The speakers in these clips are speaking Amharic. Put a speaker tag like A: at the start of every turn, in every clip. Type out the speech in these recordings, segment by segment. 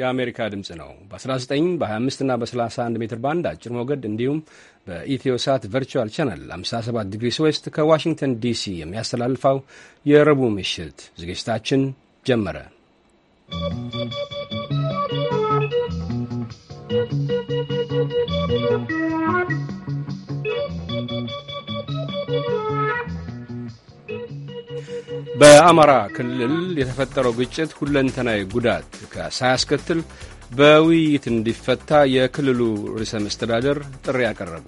A: የአሜሪካ ድምፅ ነው። በ19 በ25 እና በ31 ሜትር ባንድ አጭር ሞገድ እንዲሁም በኢትዮሳት ቨርቹዋል ቻናል 57 ዲግሪ ስዌስት ከዋሽንግተን ዲሲ የሚያስተላልፈው የረቡዕ ምሽት ዝግጅታችን ጀመረ። በአማራ ክልል የተፈጠረው ግጭት ሁለንተናዊ ጉዳት ሳያስከትል በውይይት እንዲፈታ የክልሉ ርዕሰ መስተዳደር ጥሪ ያቀረቡ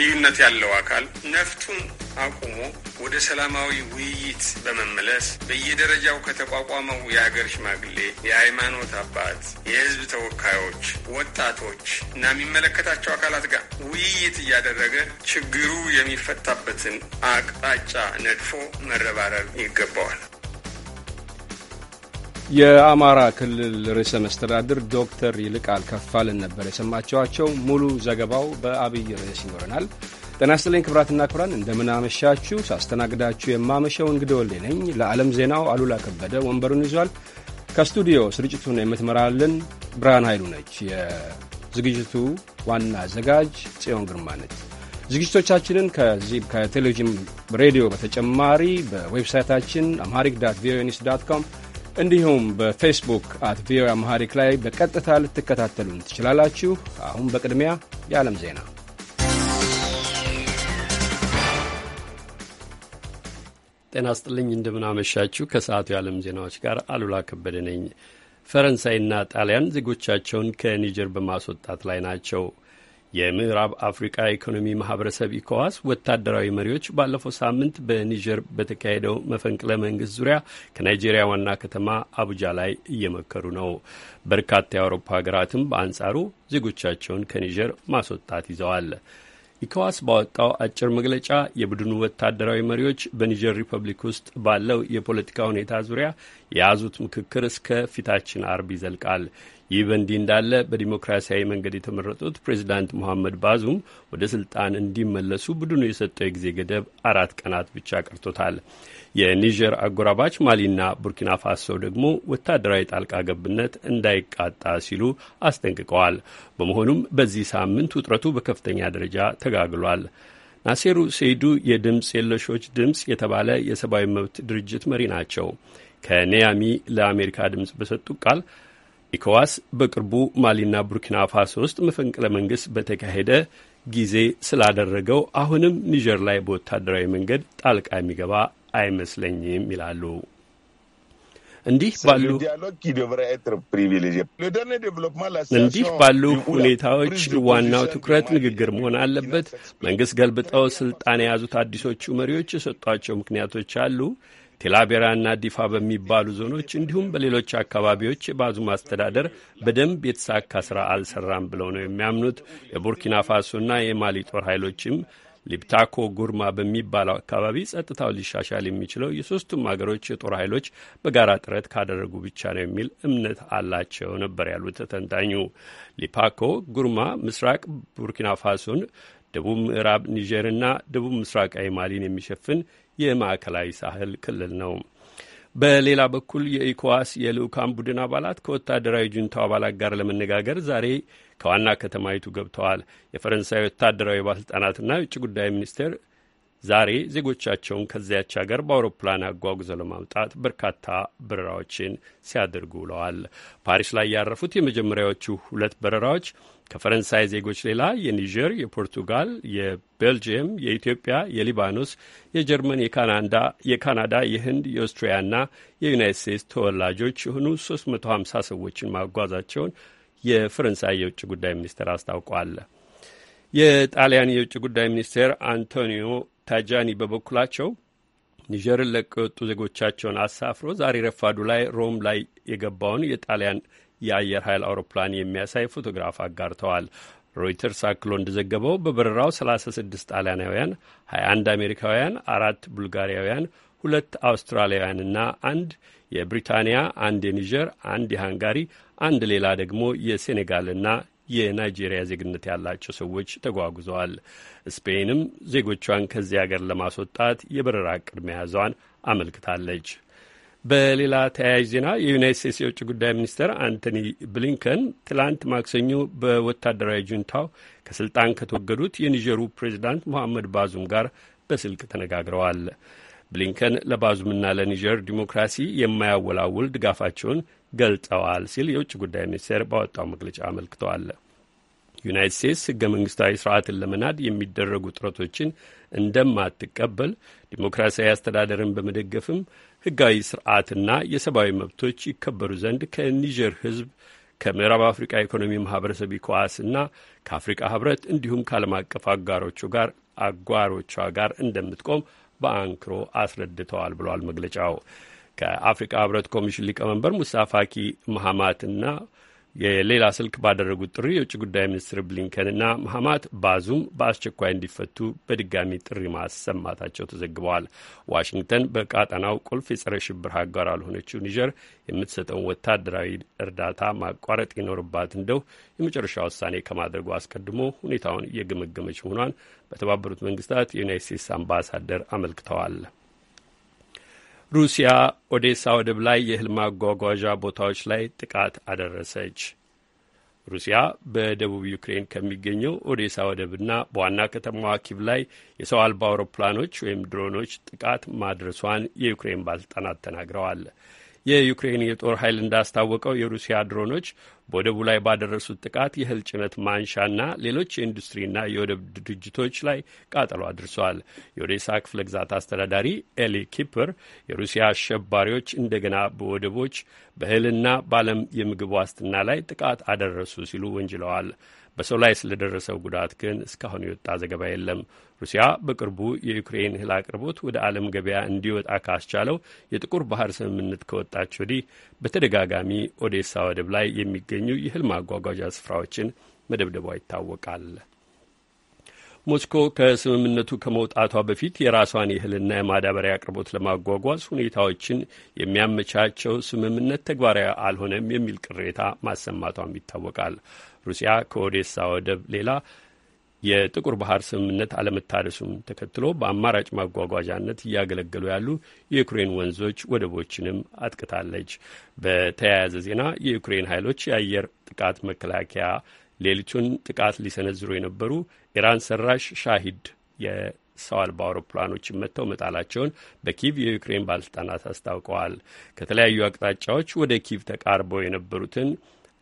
B: ልዩነት ያለው አካል ነፍቱን አቁሞ ወደ ሰላማዊ ውይይት በመመለስ በየደረጃው ከተቋቋመው የሀገር ሽማግሌ፣ የሃይማኖት አባት፣ የህዝብ ተወካዮች፣ ወጣቶች እና የሚመለከታቸው አካላት ጋር ውይይት እያደረገ ችግሩ የሚፈታበትን አቅጣጫ ነድፎ መረባረብ ይገባዋል።
A: የአማራ ክልል ርዕሰ መስተዳድር ዶክተር ይልቃል ከፋልን ነበር የሰማችኋቸው። ሙሉ ዘገባው በአብይ ርዕስ ይኖረናል። ጤና ይስጥልኝ ክብራትና ክብራን፣ እንደምናመሻችሁ። ሳስተናግዳችሁ የማመሸው እንግዳ ወልዴ ነኝ። ለዓለም ዜናው አሉላ ከበደ ወንበሩን ይዟል። ከስቱዲዮ ስርጭቱን የምትመራልን ብርሃን ኃይሉ ነች። የዝግጅቱ ዋና አዘጋጅ ጽዮን ግርማ ነች። ዝግጅቶቻችንን ከዚህ ከቴሌቪዥን ሬዲዮ በተጨማሪ በዌብሳይታችን አምሃሪክ ዳት ቪኦኤ ኒውስ ዳት ኮም እንዲሁም በፌስቡክ አት ቪኦ አምሃሪክ ላይ በቀጥታ ልትከታተሉን ትችላላችሁ። አሁን በቅድሚያ የዓለም ዜና።
C: ጤና ስጥልኝ፣ እንደምናመሻችሁ። ከሰዓቱ የዓለም ዜናዎች ጋር አሉላ ከበደ ነኝ። ፈረንሳይና ጣሊያን ዜጎቻቸውን ከኒጀር በማስወጣት ላይ ናቸው። የምዕራብ አፍሪቃ ኢኮኖሚ ማህበረሰብ ኢኮዋስ ወታደራዊ መሪዎች ባለፈው ሳምንት በኒጀር በተካሄደው መፈንቅለ መንግስት ዙሪያ ከናይጄሪያ ዋና ከተማ አቡጃ ላይ እየመከሩ ነው። በርካታ የአውሮፓ ሀገራትም በአንጻሩ ዜጎቻቸውን ከኒጀር ማስወጣት ይዘዋል። ኢኮዋስ ባወጣው አጭር መግለጫ የቡድኑ ወታደራዊ መሪዎች በኒጀር ሪፐብሊክ ውስጥ ባለው የፖለቲካ ሁኔታ ዙሪያ የያዙት ምክክር እስከ ፊታችን አርብ ይዘልቃል። ይህ በእንዲህ እንዳለ በዲሞክራሲያዊ መንገድ የተመረጡት ፕሬዚዳንት ሙሐመድ ባዙም ወደ ስልጣን እንዲመለሱ ቡድኑ የሰጠው የጊዜ ገደብ አራት ቀናት ብቻ ቀርቶታል። የኒጀር አጎራባች ማሊና ቡርኪና ፋሶ ደግሞ ወታደራዊ ጣልቃ ገብነት እንዳይቃጣ ሲሉ አስጠንቅቀዋል። በመሆኑም በዚህ ሳምንት ውጥረቱ በከፍተኛ ደረጃ ተጋግሏል። ናሴሩ ሴይዱ የድምፅ የለሾች ድምፅ የተባለ የሰብአዊ መብት ድርጅት መሪ ናቸው። ከኒያሚ ለአሜሪካ ድምፅ በሰጡ ቃል ኢኮዋስ በቅርቡ ማሊና ቡርኪና ፋሶ ውስጥ መፈንቅለ መንግስት በተካሄደ ጊዜ ስላደረገው አሁንም ኒጀር ላይ በወታደራዊ መንገድ ጣልቃ የሚገባ አይመስለኝም ይላሉ። እንዲህ ባሉ ባሉ ሁኔታዎች ዋናው ትኩረት ንግግር መሆን አለበት። መንግስት ገልብጠው ስልጣን የያዙት አዲሶቹ መሪዎች የሰጧቸው ምክንያቶች አሉ። ቴላቤራና ዲፋ በሚባሉ ዞኖች እንዲሁም በሌሎች አካባቢዎች የባዙም አስተዳደር በደንብ የተሳካ ስራ አልሰራም ብለው ነው የሚያምኑት። የቡርኪና ፋሶና የማሊ ጦር ኃይሎችም ሊፕታኮ ጉርማ በሚባለው አካባቢ ጸጥታው ሊሻሻል የሚችለው የሶስቱም ሀገሮች የጦር ኃይሎች በጋራ ጥረት ካደረጉ ብቻ ነው የሚል እምነት አላቸው ነበር ያሉት ተንታኙ። ሊፓኮ ጉርማ ምስራቅ ቡርኪና ፋሶን፣ ደቡብ ምዕራብ ኒጀርና ደቡብ ምስራቃዊ ማሊን የሚሸፍን የማዕከላዊ ሳህል ክልል ነው። በሌላ በኩል የኢኮዋስ የልዑካን ቡድን አባላት ከወታደራዊ ጁንታው አባላት ጋር ለመነጋገር ዛሬ ከዋና ከተማይቱ ገብተዋል። የፈረንሳይ ወታደራዊ ባለስልጣናትና የውጭ ጉዳይ ሚኒስቴር ዛሬ ዜጎቻቸውን ከዚያች ሀገር በአውሮፕላን አጓጉዘው ለማምጣት በርካታ በረራዎችን ሲያደርጉ ውለዋል። ፓሪስ ላይ ያረፉት የመጀመሪያዎቹ ሁለት በረራዎች ከፈረንሳይ ዜጎች ሌላ የኒጀር፣ የፖርቱጋል፣ የቤልጅየም፣ የኢትዮጵያ፣ የሊባኖስ፣ የጀርመን፣ የካናዳ፣ የህንድ፣ የኦስትሪያና የዩናይት ስቴትስ ተወላጆች የሆኑ 350 ሰዎችን ማጓዛቸውን የፈረንሳይ የውጭ ጉዳይ ሚኒስቴር አስታውቋል። የጣሊያን የውጭ ጉዳይ ሚኒስቴር አንቶኒዮ ታጃኒ በበኩላቸው ኒጀርን ለቀው የወጡ ዜጎቻቸውን አሳፍሮ ዛሬ ረፋዱ ላይ ሮም ላይ የገባውን የጣሊያን የአየር ኃይል አውሮፕላን የሚያሳይ ፎቶግራፍ አጋርተዋል። ሮይተርስ አክሎ እንደዘገበው በበረራው 36 ጣሊያናውያን፣ 21 አሜሪካውያን፣ አራት ቡልጋሪያውያን፣ ሁለት አውስትራሊያውያንና አንድ የብሪታንያ አንድ የኒጀር አንድ የሃንጋሪ አንድ ሌላ ደግሞ የሴኔጋልና የናይጄሪያ ዜግነት ያላቸው ሰዎች ተጓጉዘዋል። ስፔንም ዜጎቿን ከዚህ አገር ለማስወጣት የበረራ እቅድ መያዟን አመልክታለች። በሌላ ተያያዥ ዜና የዩናይት ስቴትስ የውጭ ጉዳይ ሚኒስትር አንቶኒ ብሊንከን ትላንት ማክሰኞ በወታደራዊ ጁንታው ከስልጣን ከተወገዱት የኒጀሩ ፕሬዚዳንት ሞሐመድ ባዙም ጋር በስልክ ተነጋግረዋል። ብሊንከን ለባዙምና ለኒጀር ዲሞክራሲ የማያወላውል ድጋፋቸውን ገልጠዋል ሲል የውጭ ጉዳይ ሚኒስቴር ባወጣው መግለጫ አመልክተዋል። ዩናይት ስቴትስ ህገ መንግስታዊ ስርዓትን ለመናድ የሚደረጉ ጥረቶችን እንደማትቀበል ዲሞክራሲያዊ አስተዳደርን በመደገፍም ህጋዊ ስርዓትና የሰብአዊ መብቶች ይከበሩ ዘንድ ከኒጀር ህዝብ ከምዕራብ አፍሪቃ ኢኮኖሚ ማህበረሰብ ኢኮዋስና ከአፍሪቃ ህብረት እንዲሁም ከዓለም አቀፍ አጋሮቹ ጋር አጓሮቿ ጋር እንደምትቆም በአንክሮ አስረድተዋል ብሏል መግለጫው። ከአፍሪካ ህብረት ኮሚሽን ሊቀመንበር ሙሳ ፋኪ መሐማትና የሌላ ስልክ ባደረጉት ጥሪ የውጭ ጉዳይ ሚኒስትር ብሊንከንና መሐማት ባዙም በአስቸኳይ እንዲፈቱ በድጋሚ ጥሪ ማሰማታቸው ተዘግበዋል። ዋሽንግተን በቃጠናው ቁልፍ የጸረ ሽብር አጋር ያልሆነችው ኒጀር የምትሰጠውን ወታደራዊ እርዳታ ማቋረጥ ይኖርባት እንደው የመጨረሻ ውሳኔ ከማድረጉ አስቀድሞ ሁኔታውን እየገመገመች መሆኗን በተባበሩት መንግስታት የዩናይት ስቴትስ አምባሳደር አመልክተዋል። ሩሲያ ኦዴሳ ወደብ ላይ የእህል ማጓጓዣ ቦታዎች ላይ ጥቃት አደረሰች። ሩሲያ በደቡብ ዩክሬን ከሚገኘው ኦዴሳ ወደብና በዋና ከተማዋ ኪቭ ላይ የሰው አልባ አውሮፕላኖች ወይም ድሮኖች ጥቃት ማድረሷን የዩክሬን ባለስልጣናት ተናግረዋል። የዩክሬን የጦር ኃይል እንዳስታወቀው የሩሲያ ድሮኖች በወደቡ ላይ ባደረሱት ጥቃት የእህል ጭነት ማንሻና ሌሎች የኢንዱስትሪና የወደብ ድርጅቶች ላይ ቃጠሎ አድርሰዋል። የኦዴሳ ክፍለ ግዛት አስተዳዳሪ ኤሊ ኪፐር የሩሲያ አሸባሪዎች እንደገና በወደቦች በእህልና በዓለም የምግብ ዋስትና ላይ ጥቃት አደረሱ ሲሉ ወንጅለዋል። በሰው ላይ ስለደረሰው ጉዳት ግን እስካሁን የወጣ ዘገባ የለም። ሩሲያ በቅርቡ የዩክሬን እህል አቅርቦት ወደ ዓለም ገበያ እንዲወጣ ካስቻለው የጥቁር ባህር ስምምነት ከወጣች ወዲህ በተደጋጋሚ ኦዴሳ ወደብ ላይ የሚገኙ የእህል ማጓጓዣ ስፍራዎችን መደብደቧ ይታወቃል። ሞስኮ ከስምምነቱ ከመውጣቷ በፊት የራሷን የእህልና የማዳበሪያ አቅርቦት ለማጓጓዝ ሁኔታዎችን የሚያመቻቸው ስምምነት ተግባራዊ አልሆነም የሚል ቅሬታ ማሰማቷም ይታወቃል። ሩሲያ ከኦዴሳ ወደብ ሌላ የጥቁር ባህር ስምምነት አለመታደሱም ተከትሎ በአማራጭ ማጓጓዣነት እያገለገሉ ያሉ የዩክሬን ወንዞች ወደቦችንም አጥቅታለች። በተያያዘ ዜና የዩክሬን ኃይሎች የአየር ጥቃት መከላከያ ሌሊቱን ጥቃት ሊሰነዝሩ የነበሩ ኢራን ሰራሽ ሻሂድ የሰው አልባ አውሮፕላኖችን መጥተው መጣላቸውን በኪቭ የዩክሬን ባለስልጣናት አስታውቀዋል። ከተለያዩ አቅጣጫዎች ወደ ኪቭ ተቃርበው የነበሩትን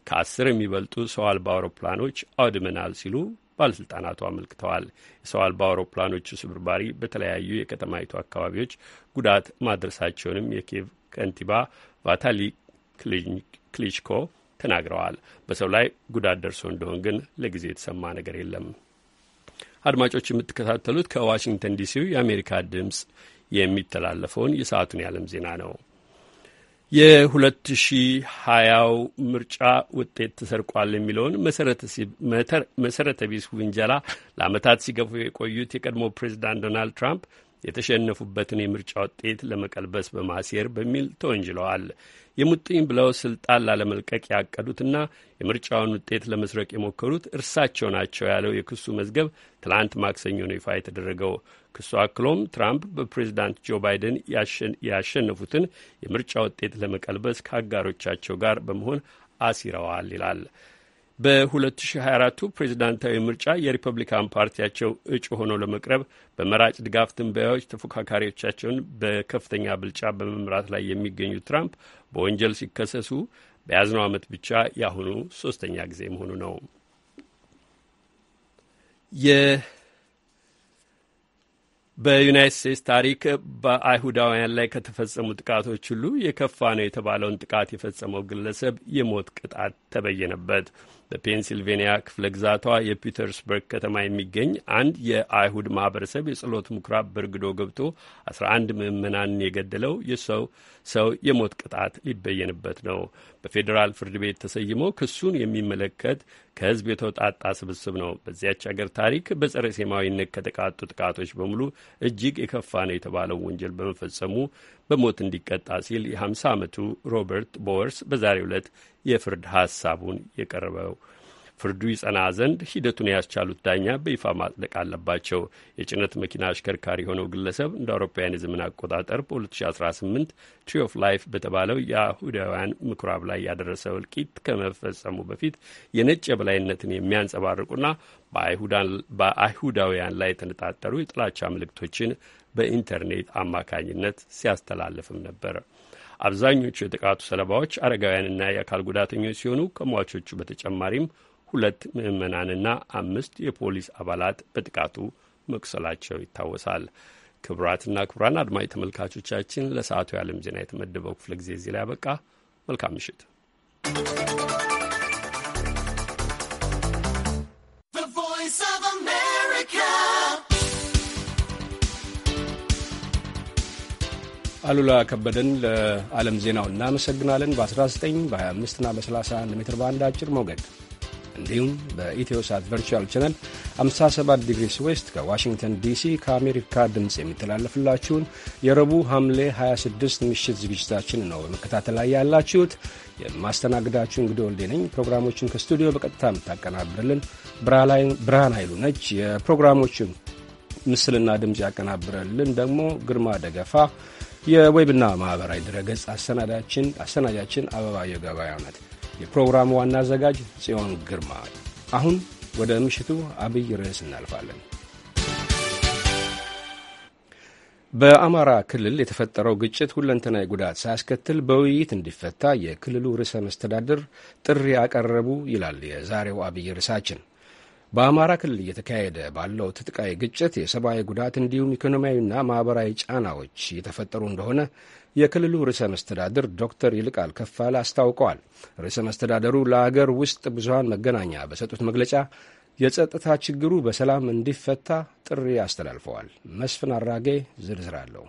C: ከአስር የሚበልጡ ሰው አልባ አውሮፕላኖች አውድመናል ሲሉ ባለስልጣናቱ አመልክተዋል። የሰው አልባ አውሮፕላኖቹ ስብርባሪ በተለያዩ የከተማይቱ አካባቢዎች ጉዳት ማድረሳቸውንም የኪቭ ከንቲባ ቫታሊ ክሊችኮ ተናግረዋል። በሰው ላይ ጉዳት ደርሶ እንደሆን ግን ለጊዜ የተሰማ ነገር የለም። አድማጮች የምትከታተሉት ከዋሽንግተን ዲሲው የአሜሪካ ድምፅ የሚተላለፈውን የሰዓቱን የዓለም ዜና ነው። የ2020 ምርጫ ውጤት ተሰርቋል የሚለውን መሰረተ ቢስ ውንጀላ ለዓመታት ሲገፉ የቆዩት የቀድሞ ፕሬዚዳንት ዶናልድ ትራምፕ የተሸነፉበትን የምርጫ ውጤት ለመቀልበስ በማሴር በሚል ተወንጅለዋል። የሙጥኝ ብለው ስልጣን ላለመልቀቅ ያቀዱትና የምርጫውን ውጤት ለመስረቅ የሞከሩት እርሳቸው ናቸው ያለው የክሱ መዝገብ ትላንት ማክሰኞ ነው ይፋ የተደረገው። ክሱ አክሎም ትራምፕ በፕሬዚዳንት ጆ ባይደን ያሸነፉትን የምርጫ ውጤት ለመቀልበስ ከአጋሮቻቸው ጋር በመሆን አሲረዋል ይላል። በ2024 ፕሬዚዳንታዊ ምርጫ የሪፐብሊካን ፓርቲያቸው እጩ ሆኖ ለመቅረብ በመራጭ ድጋፍ ትንበያዎች ተፎካካሪዎቻቸውን በከፍተኛ ብልጫ በመምራት ላይ የሚገኙ ትራምፕ በወንጀል ሲከሰሱ በያዝነው ዓመት ብቻ ያሁኑ ሶስተኛ ጊዜ መሆኑ ነው። በዩናይት ስቴትስ ታሪክ በአይሁዳውያን ላይ ከተፈጸሙ ጥቃቶች ሁሉ የከፋ ነው የተባለውን ጥቃት የፈጸመው ግለሰብ የሞት ቅጣት ተበየነበት። በፔንሲልቬንያ ክፍለ ግዛቷ የፒተርስበርግ ከተማ የሚገኝ አንድ የአይሁድ ማህበረሰብ የጸሎት ምኩራብ በርግዶ ገብቶ 11 ምዕመናንን የገደለው የሰው ሰው የሞት ቅጣት ሊበየንበት ነው። በፌዴራል ፍርድ ቤት ተሰይሞ ክሱን የሚመለከት ከህዝብ የተውጣጣ ስብስብ ነው። በዚያች አገር ታሪክ በጸረ ሴማዊነት ከተቃጡ ጥቃቶች በሙሉ እጅግ የከፋ ነው የተባለው ወንጀል በመፈጸሙ በሞት እንዲቀጣ ሲል የ50 ዓመቱ ሮበርት ቦወርስ በዛሬው ዕለት የፍርድ ሐሳቡን የቀረበው ፍርዱ ይጸና ዘንድ ሂደቱን ያስቻሉት ዳኛ በይፋ ማጽደቅ አለባቸው። የጭነት መኪና አሽከርካሪ የሆነው ግለሰብ እንደ አውሮፓውያን የዘመን አቆጣጠር በ2018 ትሪ ኦፍ ላይፍ በተባለው የአይሁዳውያን ምኩራብ ላይ ያደረሰው እልቂት ከመፈጸሙ በፊት የነጭ የበላይነትን የሚያንጸባርቁና በአይሁዳውያን ላይ የተነጣጠሩ የጥላቻ ምልክቶችን በኢንተርኔት አማካኝነት ሲያስተላልፍም ነበር። አብዛኞቹ የጥቃቱ ሰለባዎች አረጋውያንና የአካል ጉዳተኞች ሲሆኑ ከሟቾቹ በተጨማሪም ሁለት ምዕመናንና አምስት የፖሊስ አባላት በጥቃቱ መቁሰላቸው ይታወሳል። ክቡራትና ክቡራን አድማጭ ተመልካቾቻችን ለሰዓቱ የዓለም ዜና የተመደበው ክፍለ ጊዜ እዚህ ላይ ያበቃ። መልካም ምሽት።
A: አሉላ ከበደን ለዓለም ዜናው እናመሰግናለን። በ19 በ25ና በ31 ሜትር ባንድ አጭር ሞገድ እንዲሁም በኢትዮ ሳት ቨርቹዋል ቻናል 57 ዲግሪስ ዌስት ከዋሽንግተን ዲሲ ከአሜሪካ ድምፅ የሚተላለፍላችሁን የረቡዕ ሐምሌ 26 ምሽት ዝግጅታችን ነው በመከታተል ላይ ያላችሁት። የማስተናግዳችሁ እንግዲህ ወልዴ ነኝ። ፕሮግራሞቹን ከስቱዲዮ በቀጥታ የምታቀናብርልን ብርሃን ኃይሉ ነች። የፕሮግራሞቹን ምስልና ድምፅ ያቀናብረልን ደግሞ ግርማ ደገፋ የዌብና ማኅበራዊ ድረገጽ አሰናዳችን አሰናጃችን አበባ ገበያው ናት። የፕሮግራሙ ዋና አዘጋጅ ጽዮን ግርማ። አሁን ወደ ምሽቱ አብይ ርዕስ እናልፋለን። በአማራ ክልል የተፈጠረው ግጭት ሁለንተናዊ ጉዳት ሳያስከትል በውይይት እንዲፈታ የክልሉ ርዕሰ መስተዳድር ጥሪ አቀረቡ ይላል የዛሬው አብይ ርዕሳችን። በአማራ ክልል እየተካሄደ ባለው ትጥቃዊ ግጭት የሰብአዊ ጉዳት እንዲሁም ኢኮኖሚያዊና ማኅበራዊ ጫናዎች እየተፈጠሩ እንደሆነ የክልሉ ርዕሰ መስተዳድር ዶክተር ይልቃል ከፋለ አስታውቀዋል። ርዕሰ መስተዳደሩ ለአገር ውስጥ ብዙሀን መገናኛ በሰጡት መግለጫ የጸጥታ ችግሩ በሰላም እንዲፈታ ጥሪ አስተላልፈዋል። መስፍን አራጌ ዝርዝር አለው።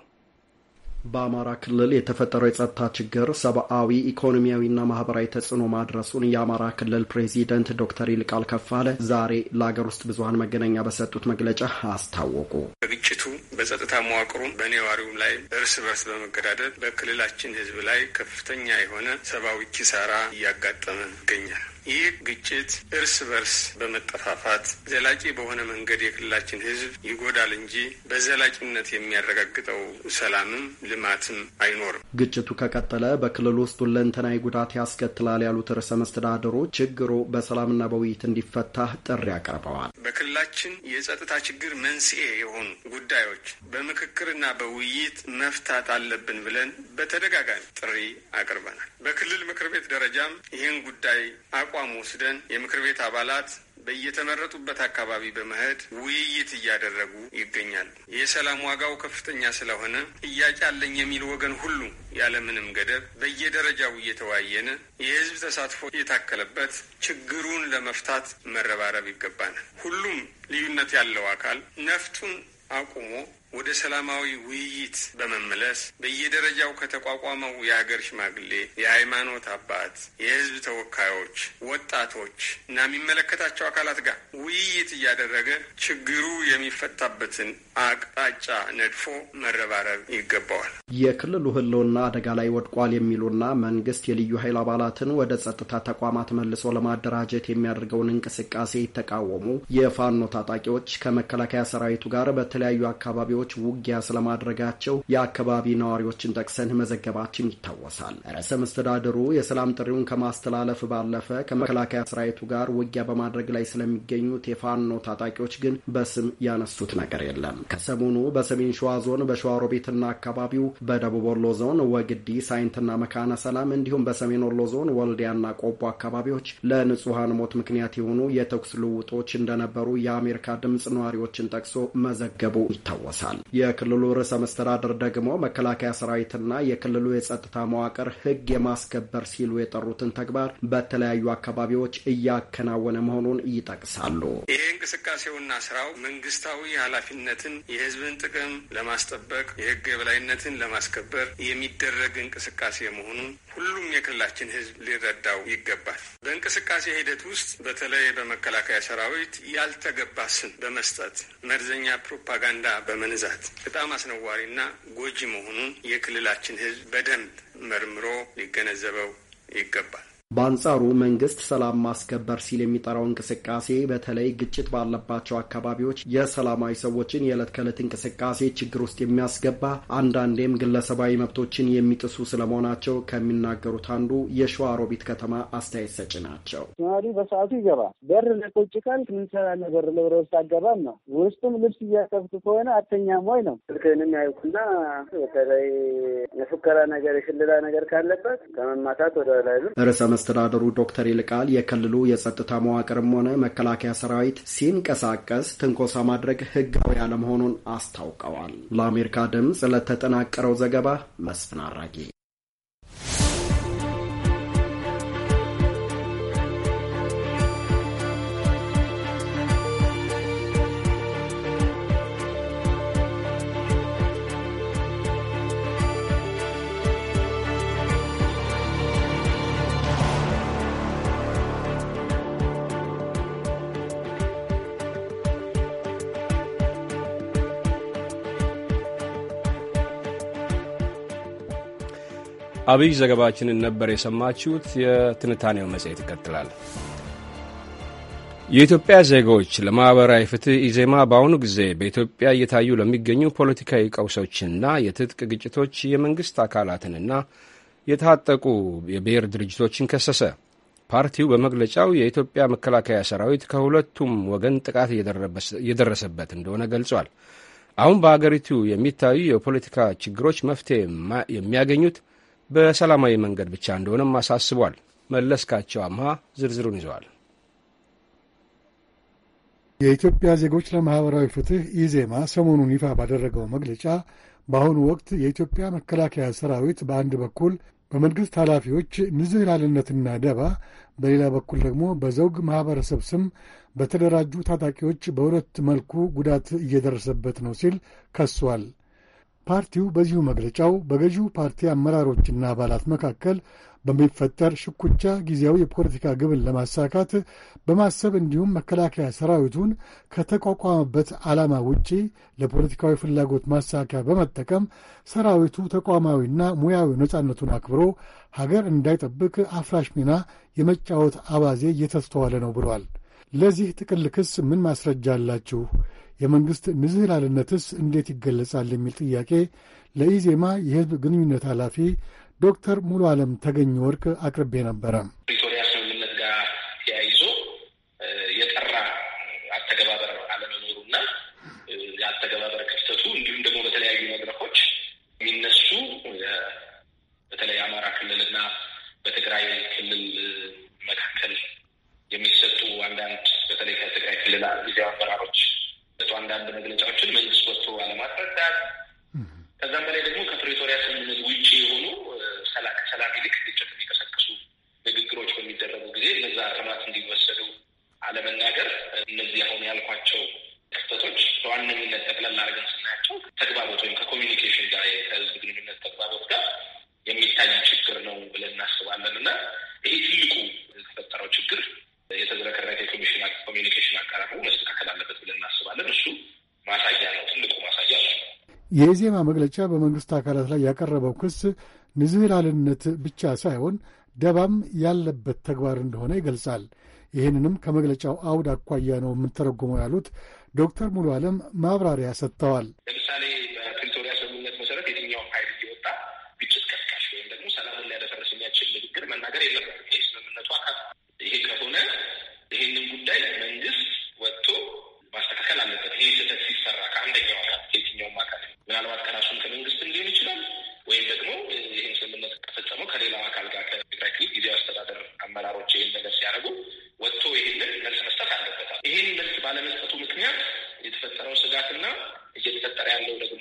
D: በአማራ ክልል የተፈጠረው የጸጥታ ችግር ሰብአዊ፣ ኢኮኖሚያዊና ማህበራዊ ተጽዕኖ ማድረሱን የአማራ ክልል ፕሬዚደንት ዶክተር ይልቃል ከፋለ ዛሬ ለአገር ውስጥ ብዙሀን መገናኛ በሰጡት መግለጫ አስታወቁ። በግጭቱ
B: በጸጥታ መዋቅሩም በነዋሪውም ላይ እርስ በርስ በመገዳደል በክልላችን ህዝብ ላይ ከፍተኛ የሆነ ሰብአዊ ኪሳራ እያጋጠመ ይገኛል። ይህ ግጭት እርስ በርስ በመጠፋፋት ዘላቂ በሆነ መንገድ የክልላችን ህዝብ ይጎዳል እንጂ በዘላቂነት የሚያረጋግጠው ሰላምም ልማትም
D: አይኖርም። ግጭቱ ከቀጠለ በክልል ውስጥ ሁለንተናዊ ጉዳት ያስከትላል ያሉት ርዕሰ መስተዳድሩ ችግሩ በሰላምና በውይይት እንዲፈታ ጥሪ
E: አቅርበዋል።
B: በክልላችን የጸጥታ ችግር መንስኤ የሆኑ ጉዳዮች በምክክርና በውይይት መፍታት አለብን ብለን በተደጋጋሚ ጥሪ አቅርበናል። በክልል ምክር ቤት ደረጃም ይህን ጉዳይ አቋም ወስደን የምክር ቤት አባላት በየተመረጡበት አካባቢ በመሄድ ውይይት እያደረጉ ይገኛሉ። የሰላም ዋጋው ከፍተኛ ስለሆነ ጥያቄ አለኝ የሚል ወገን ሁሉ ያለምንም ገደብ በየደረጃው እየተወያየን የህዝብ ተሳትፎ የታከለበት ችግሩን ለመፍታት መረባረብ ይገባናል። ሁሉም ልዩነት ያለው አካል ነፍጡን አቁሞ ወደ ሰላማዊ ውይይት በመመለስ በየደረጃው ከተቋቋመው የሀገር ሽማግሌ፣ የሃይማኖት አባት፣ የህዝብ ተወካዮች፣ ወጣቶች እና የሚመለከታቸው አካላት ጋር ውይይት እያደረገ ችግሩ የሚፈታበትን አቅጣጫ ነድፎ መረባረብ
D: ይገባዋል። የክልሉ ህልውና አደጋ ላይ ወድቋል የሚሉና መንግስት የልዩ ኃይል አባላትን ወደ ጸጥታ ተቋማት መልሶ ለማደራጀት የሚያደርገውን እንቅስቃሴ የተቃወሙ የፋኖ ታጣቂዎች ከመከላከያ ሰራዊቱ ጋር በተለያዩ አካባቢዎች ታጣቂዎች ውጊያ ስለማድረጋቸው የአካባቢ ነዋሪዎችን ጠቅሰን መዘገባችን ይታወሳል። ርዕሰ መስተዳድሩ የሰላም ጥሪውን ከማስተላለፍ ባለፈ ከመከላከያ ሰራዊቱ ጋር ውጊያ በማድረግ ላይ ስለሚገኙት የፋኖ ታጣቂዎች ግን በስም ያነሱት ነገር የለም። ከሰሞኑ በሰሜን ሸዋ ዞን በሸዋሮቤትና አካባቢው፣ በደቡብ ወሎ ዞን ወግዲ ሳይንትና መካነ ሰላም እንዲሁም በሰሜን ወሎ ዞን ወልዲያና ቆቦ አካባቢዎች ለንጹሐን ሞት ምክንያት የሆኑ የተኩስ ልውጦች እንደነበሩ የአሜሪካ ድምፅ ነዋሪዎችን ጠቅሶ መዘገቡ ይታወሳል። ይገልጻል። የክልሉ ርዕሰ መስተዳድር ደግሞ መከላከያ ሰራዊትና የክልሉ የጸጥታ መዋቅር ህግ የማስከበር ሲሉ የጠሩትን ተግባር በተለያዩ አካባቢዎች እያከናወነ መሆኑን ይጠቅሳሉ።
B: ይህ እንቅስቃሴውና ስራው መንግስታዊ ኃላፊነትን፣ የህዝብን ጥቅም ለማስጠበቅ፣ የህግ የበላይነትን ለማስከበር የሚደረግ እንቅስቃሴ መሆኑን ሁሉም የክልላችን ህዝብ ሊረዳው ይገባል። በእንቅስቃሴ ሂደት ውስጥ በተለይ በመከላከያ ሰራዊት ያልተገባ ስም በመስጠት መርዘኛ ፕሮፓጋንዳ በመንዛት በጣም አስነዋሪና ጎጂ መሆኑን የክልላችን ህዝብ በደንብ መርምሮ ሊገነዘበው
D: ይገባል። በአንጻሩ መንግስት ሰላም ማስከበር ሲል የሚጠራው እንቅስቃሴ በተለይ ግጭት ባለባቸው አካባቢዎች የሰላማዊ ሰዎችን የዕለት ከዕለት እንቅስቃሴ ችግር ውስጥ የሚያስገባ አንዳንዴም ግለሰባዊ መብቶችን የሚጥሱ ስለመሆናቸው ከሚናገሩት አንዱ የሸዋ ሮቢት ከተማ አስተያየት ሰጭ ናቸው።
F: ነዋሪው በሰዓቱ ይገባል። በር ለቆጭ ቃል ምንሰራ
G: በር ለብረ ውስጥ አገባም ነው። ውስጡም ልብስ እያጠብቅ ከሆነ አተኛም ወይ ነው። ስልክንም ያይኩና በተለይ የፉከራ ነገር የሽልላ ነገር ካለበት ከመማታት ወደ ላይ
D: አስተዳደሩ ዶክተር ይልቃል የክልሉ የጸጥታ መዋቅርም ሆነ መከላከያ ሰራዊት ሲንቀሳቀስ ትንኮሳ ማድረግ ህጋዊ አለመሆኑን አስታውቀዋል። ለአሜሪካ ድምፅ ለተጠናቀረው ዘገባ መስፍን
H: አራጌ
A: አብይ ዘገባችንን ነበር የሰማችሁት። የትንታኔው መጽሔት ይቀጥላል። የኢትዮጵያ ዜጎች ለማኅበራዊ ፍትህ ኢዜማ በአሁኑ ጊዜ በኢትዮጵያ እየታዩ ለሚገኙ ፖለቲካዊ ቀውሶችና የትጥቅ ግጭቶች የመንግሥት አካላትንና የታጠቁ የብሔር ድርጅቶችን ከሰሰ። ፓርቲው በመግለጫው የኢትዮጵያ መከላከያ ሰራዊት ከሁለቱም ወገን ጥቃት እየደረሰበት እንደሆነ ገልጿል። አሁን በአገሪቱ የሚታዩ የፖለቲካ ችግሮች መፍትሄ የሚያገኙት በሰላማዊ መንገድ ብቻ እንደሆነም አሳስቧል። መለስካቸው አምሃ ዝርዝሩን ይዘዋል።
I: የኢትዮጵያ ዜጎች ለማኅበራዊ ፍትሕ ኢዜማ ሰሞኑን ይፋ ባደረገው መግለጫ በአሁኑ ወቅት የኢትዮጵያ መከላከያ ሰራዊት በአንድ በኩል በመንግሥት ኃላፊዎች ንዝህላልነትና ደባ፣ በሌላ በኩል ደግሞ በዘውግ ማኅበረሰብ ስም በተደራጁ ታጣቂዎች በሁለት መልኩ ጉዳት እየደረሰበት ነው ሲል ከሷል። ፓርቲው በዚሁ መግለጫው በገዢው ፓርቲ አመራሮችና አባላት መካከል በሚፈጠር ሽኩቻ ጊዜያዊ የፖለቲካ ግብን ለማሳካት በማሰብ እንዲሁም መከላከያ ሰራዊቱን ከተቋቋመበት ዓላማ ውጪ ለፖለቲካዊ ፍላጎት ማሳኪያ በመጠቀም ሰራዊቱ ተቋማዊና ሙያዊ ነጻነቱን አክብሮ ሀገር እንዳይጠብቅ አፍራሽ ሚና የመጫወት አባዜ እየተስተዋለ ነው ብሏል። ለዚህ ጥቅል ክስ ምን ማስረጃ አላችሁ? የመንግሥት ንዝህላልነትስ እንዴት ይገለጻል የሚል ጥያቄ ለኢዜማ የህዝብ ግንኙነት ኃላፊ ዶክተር ሙሉ ዓለም ተገኘ ወርቅ አቅርቤ ነበረ። ፕሪቶሪያ ስምምነት ጋር ተያይዞ የጠራ
J: አተገባበር አለመኖሩና የአተገባበር ክፍተቱ እንዲሁም ደግሞ በተለያዩ መድረኮች የሚነሱ በተለይ አማራ ክልልና በትግራይ ክልል መካከል የሚሰጡ አንዳንድ በተለይ ከትግራይ ክልል ጊዜ አመራሮች አንዳንድ መግለጫዎችን መንግስት ወጥቶ አለማስረዳት ከዛም በላይ ደግሞ ከፕሪቶሪያ ስምምነት ውጭ የሆኑ ከሰላም ይልቅ ግጭት የሚቀሰቅሱ ንግግሮች በሚደረጉ ጊዜ እነዛ እርማት እንዲወሰዱ አለመናገር፣ እነዚህ አሁን ያልኳቸው ክፍተቶች በዋነኝነት ጠቅላላ አድርገን ስናያቸው ተግባቦት ወይም ከኮሚኒኬሽን ጋር ከህዝብ ግንኙነት ተግባቦት ጋር የሚታይ ችግር ነው ብለን እናስባለን እና ይሄ ትልቁ የተፈጠረው ችግር የተዝረከረከ የኮሚሽን ኮሚኒኬሽን አቀራረቡ መስተካከል አለበት ብለን እናስባለን። እሱ ማሳያ ነው፣ ትልቁ ማሳያ ነው።
I: የኢዜማ መግለጫ በመንግስት አካላት ላይ ያቀረበው ክስ ንዝህላልነት ብቻ ሳይሆን ደባም ያለበት ተግባር እንደሆነ ይገልጻል። ይህንንም ከመግለጫው አውድ አኳያ ነው የምንተረጉመው ያሉት ዶክተር ሙሉ አለም ማብራሪያ ሰጥተዋል። ለምሳሌ
H: በፕሪቶሪያ ስምምነት
J: መሰረት የትኛውም ኃይል እየወጣ ግጭት ቀስቃሽ ወይም ደግሞ ሰላምን ሊያደፈርስ የሚያችል ንግግር መናገር የለበትም። ይህ ስምምነቱ አካል ይሄ ከሆነ ጉዳይ መንግስት ወጥቶ ማስተካከል አለበት። ይህ ስህተት ሲሰራ ከአንደኛው አካል ከየትኛውም አካል ምናልባት ከራሱም ከመንግስት ሊሆን ይችላል ወይም ደግሞ ይህን ስምምነት ከፈጸመው ከሌላው አካል ጋር ከትግራይ ክልል ጊዜ አስተዳደር አመራሮች ይህን ነገር ሲያደርጉ ወጥቶ ይህንን መልስ መስጠት አለበታል። ይህን መልስ ባለመስጠቱ ምክንያት የተፈጠረው ስጋትና እየተፈጠረ ያለው ደግሞ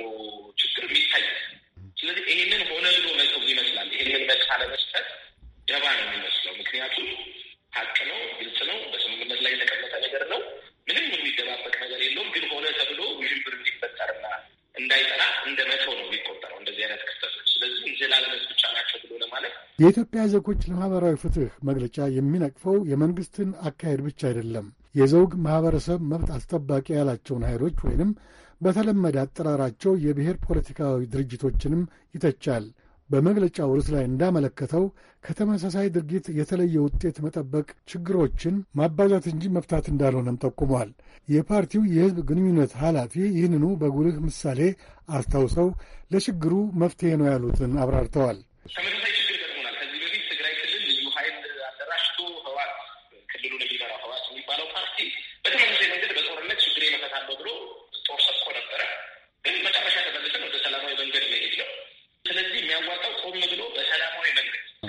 I: የኢትዮጵያ ዜጎች ለማኅበራዊ ፍትሕ መግለጫ የሚነቅፈው የመንግሥትን አካሄድ ብቻ አይደለም። የዘውግ ማኅበረሰብ መብት አስጠባቂ ያላቸውን ኃይሎች ወይንም በተለመደ አጠራራቸው የብሔር ፖለቲካዊ ድርጅቶችንም ይተቻል። በመግለጫው ርዕስ ላይ እንዳመለከተው ከተመሳሳይ ድርጊት የተለየ ውጤት መጠበቅ ችግሮችን ማባዛት እንጂ መፍታት እንዳልሆነም ጠቁሟል። የፓርቲው የሕዝብ ግንኙነት ኃላፊ ይህንኑ በጉልህ ምሳሌ አስታውሰው ለችግሩ መፍትሄ ነው ያሉትን አብራርተዋል። ተመሳሳይ ችግር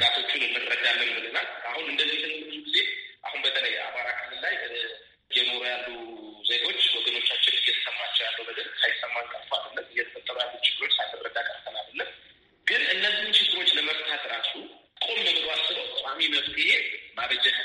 J: ጋቶቹን እንረዳለን ብለናል። አሁን እንደዚህ ብዙ ጊዜ አሁን በተለይ አማራ ክልል ላይ እየኖሩ ያሉ ዜጎች ወገኖቻችን እየተሰማቸው ያለው ነገር ሳይሰማን ቀርቶ አይደለም፣ እየተፈጠሩ ያሉ ችግሮች ሳይረዳ ቀርተን አይደለም። ግን እነዚህን ችግሮች ለመፍታት ራሱ
D: ቆም ብሎ አስበው ቋሚ
J: መፍትሄ ማበጀት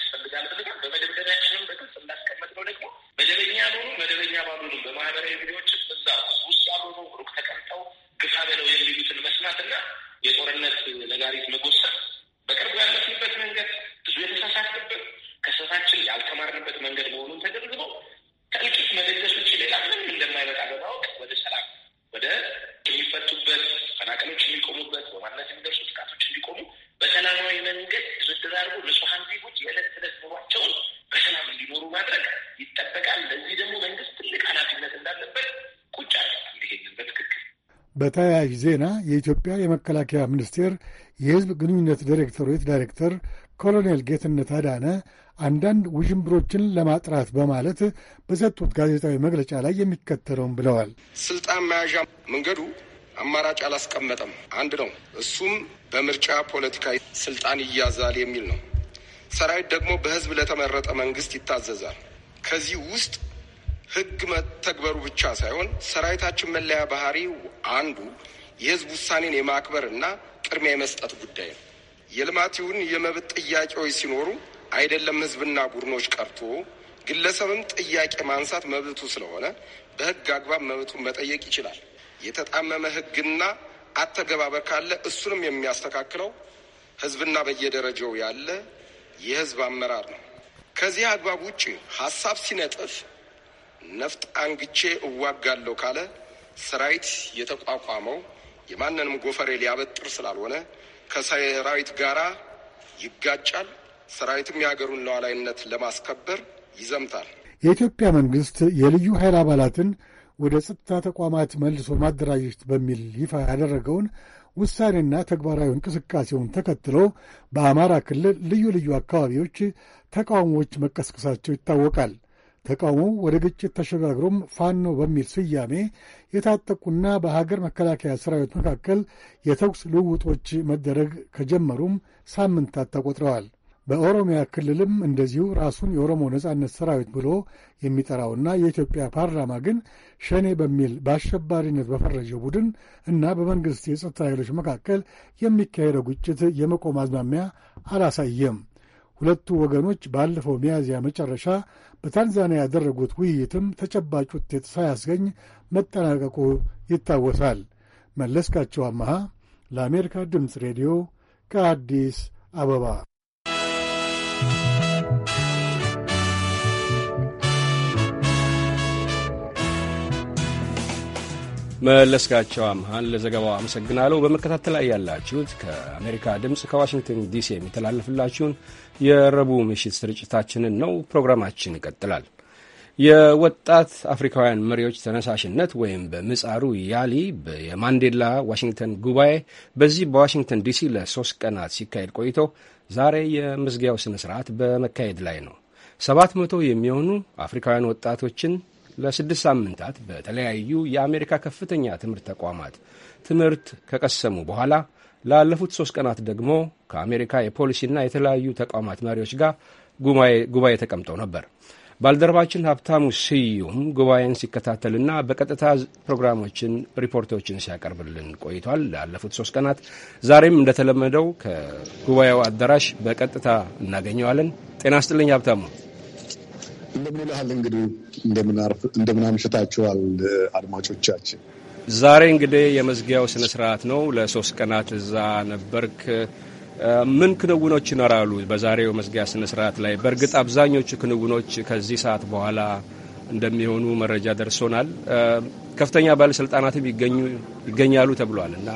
I: በተያያዥ ዜና የኢትዮጵያ የመከላከያ ሚኒስቴር የህዝብ ግንኙነት ዳይሬክቶሬት ዳይሬክተር ኮሎኔል ጌትነት አዳነ አንዳንድ ውዥንብሮችን ለማጥራት በማለት በሰጡት ጋዜጣዊ መግለጫ ላይ የሚከተለውን ብለዋል።
K: ስልጣን መያዣ መንገዱ አማራጭ አላስቀመጠም። አንድ ነው። እሱም በምርጫ ፖለቲካ ስልጣን ይያዛል የሚል ነው። ሰራዊት ደግሞ በህዝብ ለተመረጠ መንግስት ይታዘዛል። ከዚህ ውስጥ ህግ መተግበሩ ብቻ ሳይሆን ሰራዊታችን መለያ ባህሪው አንዱ የህዝብ ውሳኔን የማክበር እና ቅድሚያ የመስጠት ጉዳይ ነው። የልማት ይሁን የመብት ጥያቄዎች ሲኖሩ አይደለም ህዝብና ቡድኖች ቀርቶ ግለሰብም ጥያቄ ማንሳት መብቱ ስለሆነ በህግ አግባብ መብቱን መጠየቅ ይችላል። የተጣመመ ህግና አተገባበር ካለ እሱንም የሚያስተካክለው ህዝብና በየደረጃው ያለ የህዝብ አመራር ነው። ከዚህ አግባብ ውጭ ሀሳብ ሲነጥፍ ነፍጥ አንግቼ እዋጋለሁ ካለ ሰራዊት የተቋቋመው የማንንም ጎፈሬ ሊያበጥር ስላልሆነ ከሰራዊት ጋራ ይጋጫል። ሰራዊትም የሀገሩን ሉዓላዊነት ለማስከበር ይዘምታል።
I: የኢትዮጵያ መንግስት የልዩ ኃይል አባላትን ወደ ጸጥታ ተቋማት መልሶ ማደራጀት በሚል ይፋ ያደረገውን ውሳኔና ተግባራዊ እንቅስቃሴውን ተከትሎ በአማራ ክልል ልዩ ልዩ አካባቢዎች ተቃውሞዎች መቀስቀሳቸው ይታወቃል። ተቃውሞው ወደ ግጭት ተሸጋግሮም ፋኖ በሚል ስያሜ የታጠቁና በሀገር መከላከያ ሰራዊት መካከል የተኩስ ልውውጦች መደረግ ከጀመሩም ሳምንታት ተቆጥረዋል። በኦሮሚያ ክልልም እንደዚሁ ራሱን የኦሮሞ ነጻነት ሰራዊት ብሎ የሚጠራውና የኢትዮጵያ ፓርላማ ግን ሸኔ በሚል በአሸባሪነት በፈረጀው ቡድን እና በመንግሥት የጸጥታ ኃይሎች መካከል የሚካሄደው ግጭት የመቆም አዝማሚያ አላሳየም። ሁለቱ ወገኖች ባለፈው ሚያዝያ መጨረሻ በታንዛኒያ ያደረጉት ውይይትም ተጨባጭ ውጤት ሳያስገኝ መጠናቀቁ ይታወሳል። መለስካቸው አመሃ ለአሜሪካ ድምፅ ሬዲዮ ከአዲስ አበባ
A: መለስካቸው አምሃን ለዘገባው አመሰግናለሁ። በመከታተል ላይ ያላችሁት ከአሜሪካ ድምፅ ከዋሽንግተን ዲሲ የሚተላለፍላችሁን የረቡዕ ምሽት ስርጭታችንን ነው። ፕሮግራማችን ይቀጥላል። የወጣት አፍሪካውያን መሪዎች ተነሳሽነት ወይም በምጻሩ ያሊ የማንዴላ ዋሽንግተን ጉባኤ በዚህ በዋሽንግተን ዲሲ ለሶስት ቀናት ሲካሄድ ቆይቶ ዛሬ የመዝጊያው ስነ ስርዓት በመካሄድ ላይ ነው። ሰባት መቶ የሚሆኑ አፍሪካውያን ወጣቶችን ለስድስት ሳምንታት በተለያዩ የአሜሪካ ከፍተኛ ትምህርት ተቋማት ትምህርት ከቀሰሙ በኋላ ላለፉት ሶስት ቀናት ደግሞ ከአሜሪካ የፖሊሲና የተለያዩ ተቋማት መሪዎች ጋር ጉባኤ ተቀምጠው ነበር። ባልደረባችን ሀብታሙ ስዩም ጉባኤን ሲከታተልና በቀጥታ ፕሮግራሞችን፣ ሪፖርቶችን ሲያቀርብልን ቆይቷል። ላለፉት ሶስት ቀናት ዛሬም እንደተለመደው ከጉባኤው አዳራሽ በቀጥታ እናገኘዋለን። ጤና ስጥልኝ ሀብታሙ።
L: እንደምን ይልሃል እንግዲህ እንደምን አምሽታችኋል አድማጮቻችን።
A: ዛሬ እንግዲህ የመዝጊያው ስነ ስርዓት ነው። ለሶስት ቀናት እዛ ነበርክ። ምን ክንውኖች ይኖራሉ በዛሬው መዝጊያ ስነ ስርዓት ላይ? በእርግጥ አብዛኞቹ ክንውኖች ከዚህ ሰዓት በኋላ እንደሚሆኑ መረጃ ደርሶናል። ከፍተኛ ባለስልጣናትም ይገኛሉ ተብሏል እና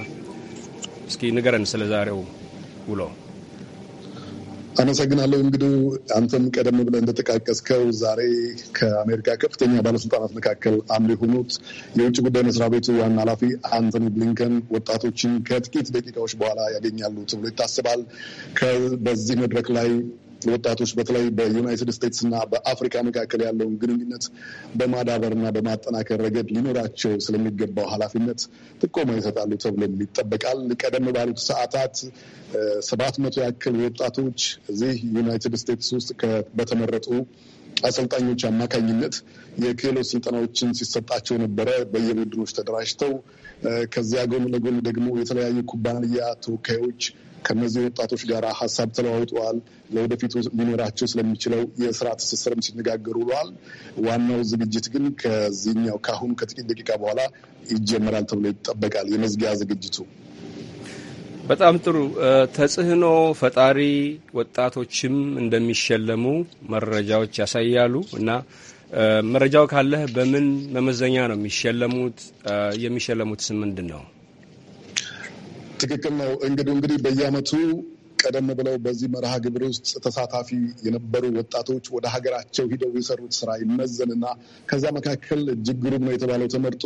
A: እስኪ ንገረን ስለ ዛሬው ውሎ
L: አመሰግናለሁ። እንግዲህ አንተም ቀደም ብለህ እንደጠቃቀስከው ዛሬ ከአሜሪካ ከፍተኛ ባለስልጣናት መካከል አንዱ የሆኑት የውጭ ጉዳይ መስሪያ ቤቱ ዋና ኃላፊ አንቶኒ ብሊንከን ወጣቶችን ከጥቂት ደቂቃዎች በኋላ ያገኛሉ ተብሎ ይታሰባል። በዚህ መድረክ ላይ ወጣቶች በተለይ በዩናይትድ ስቴትስ እና በአፍሪካ መካከል ያለውን ግንኙነት በማዳበርና በማጠናከር ረገድ ሊኖራቸው ስለሚገባው ኃላፊነት ጥቆማ ይሰጣሉ ተብሎ ይጠበቃል። ቀደም ባሉት ሰዓታት ሰባት መቶ ያክል ወጣቶች እዚህ ዩናይትድ ስቴትስ ውስጥ በተመረጡ አሰልጣኞች አማካኝነት የክህሎት ስልጠናዎችን ሲሰጣቸው ነበረ። በየቡድኖች ተደራጅተው ከዚያ ጎን ለጎን ደግሞ የተለያዩ ኩባንያ ተወካዮች ከነዚህ ወጣቶች ጋር ሀሳብ ተለዋውጠዋል። ለወደፊቱ ሊኖራቸው ስለሚችለው የስራ ትስስርም ሲነጋገሩ ውለዋል። ዋናው ዝግጅት ግን ከዚህኛው ከአሁኑ ከጥቂት ደቂቃ በኋላ ይጀመራል ተብሎ ይጠበቃል። የመዝጊያ ዝግጅቱ
A: በጣም ጥሩ ተጽዕኖ ፈጣሪ ወጣቶችም እንደሚሸለሙ መረጃዎች ያሳያሉ እና መረጃው ካለህ በምን መመዘኛ ነው የሚሸለሙት? የሚሸለሙትስ ምንድን ነው?
L: ትክክል ነው። እንግዲህ እንግዲህ በየአመቱ ቀደም ብለው በዚህ መርሃ ግብር ውስጥ ተሳታፊ የነበሩ ወጣቶች ወደ ሀገራቸው ሂደው የሰሩት ስራ ይመዘንና ከዛ መካከል እጅግ ግሩም ነው የተባለው ተመርጦ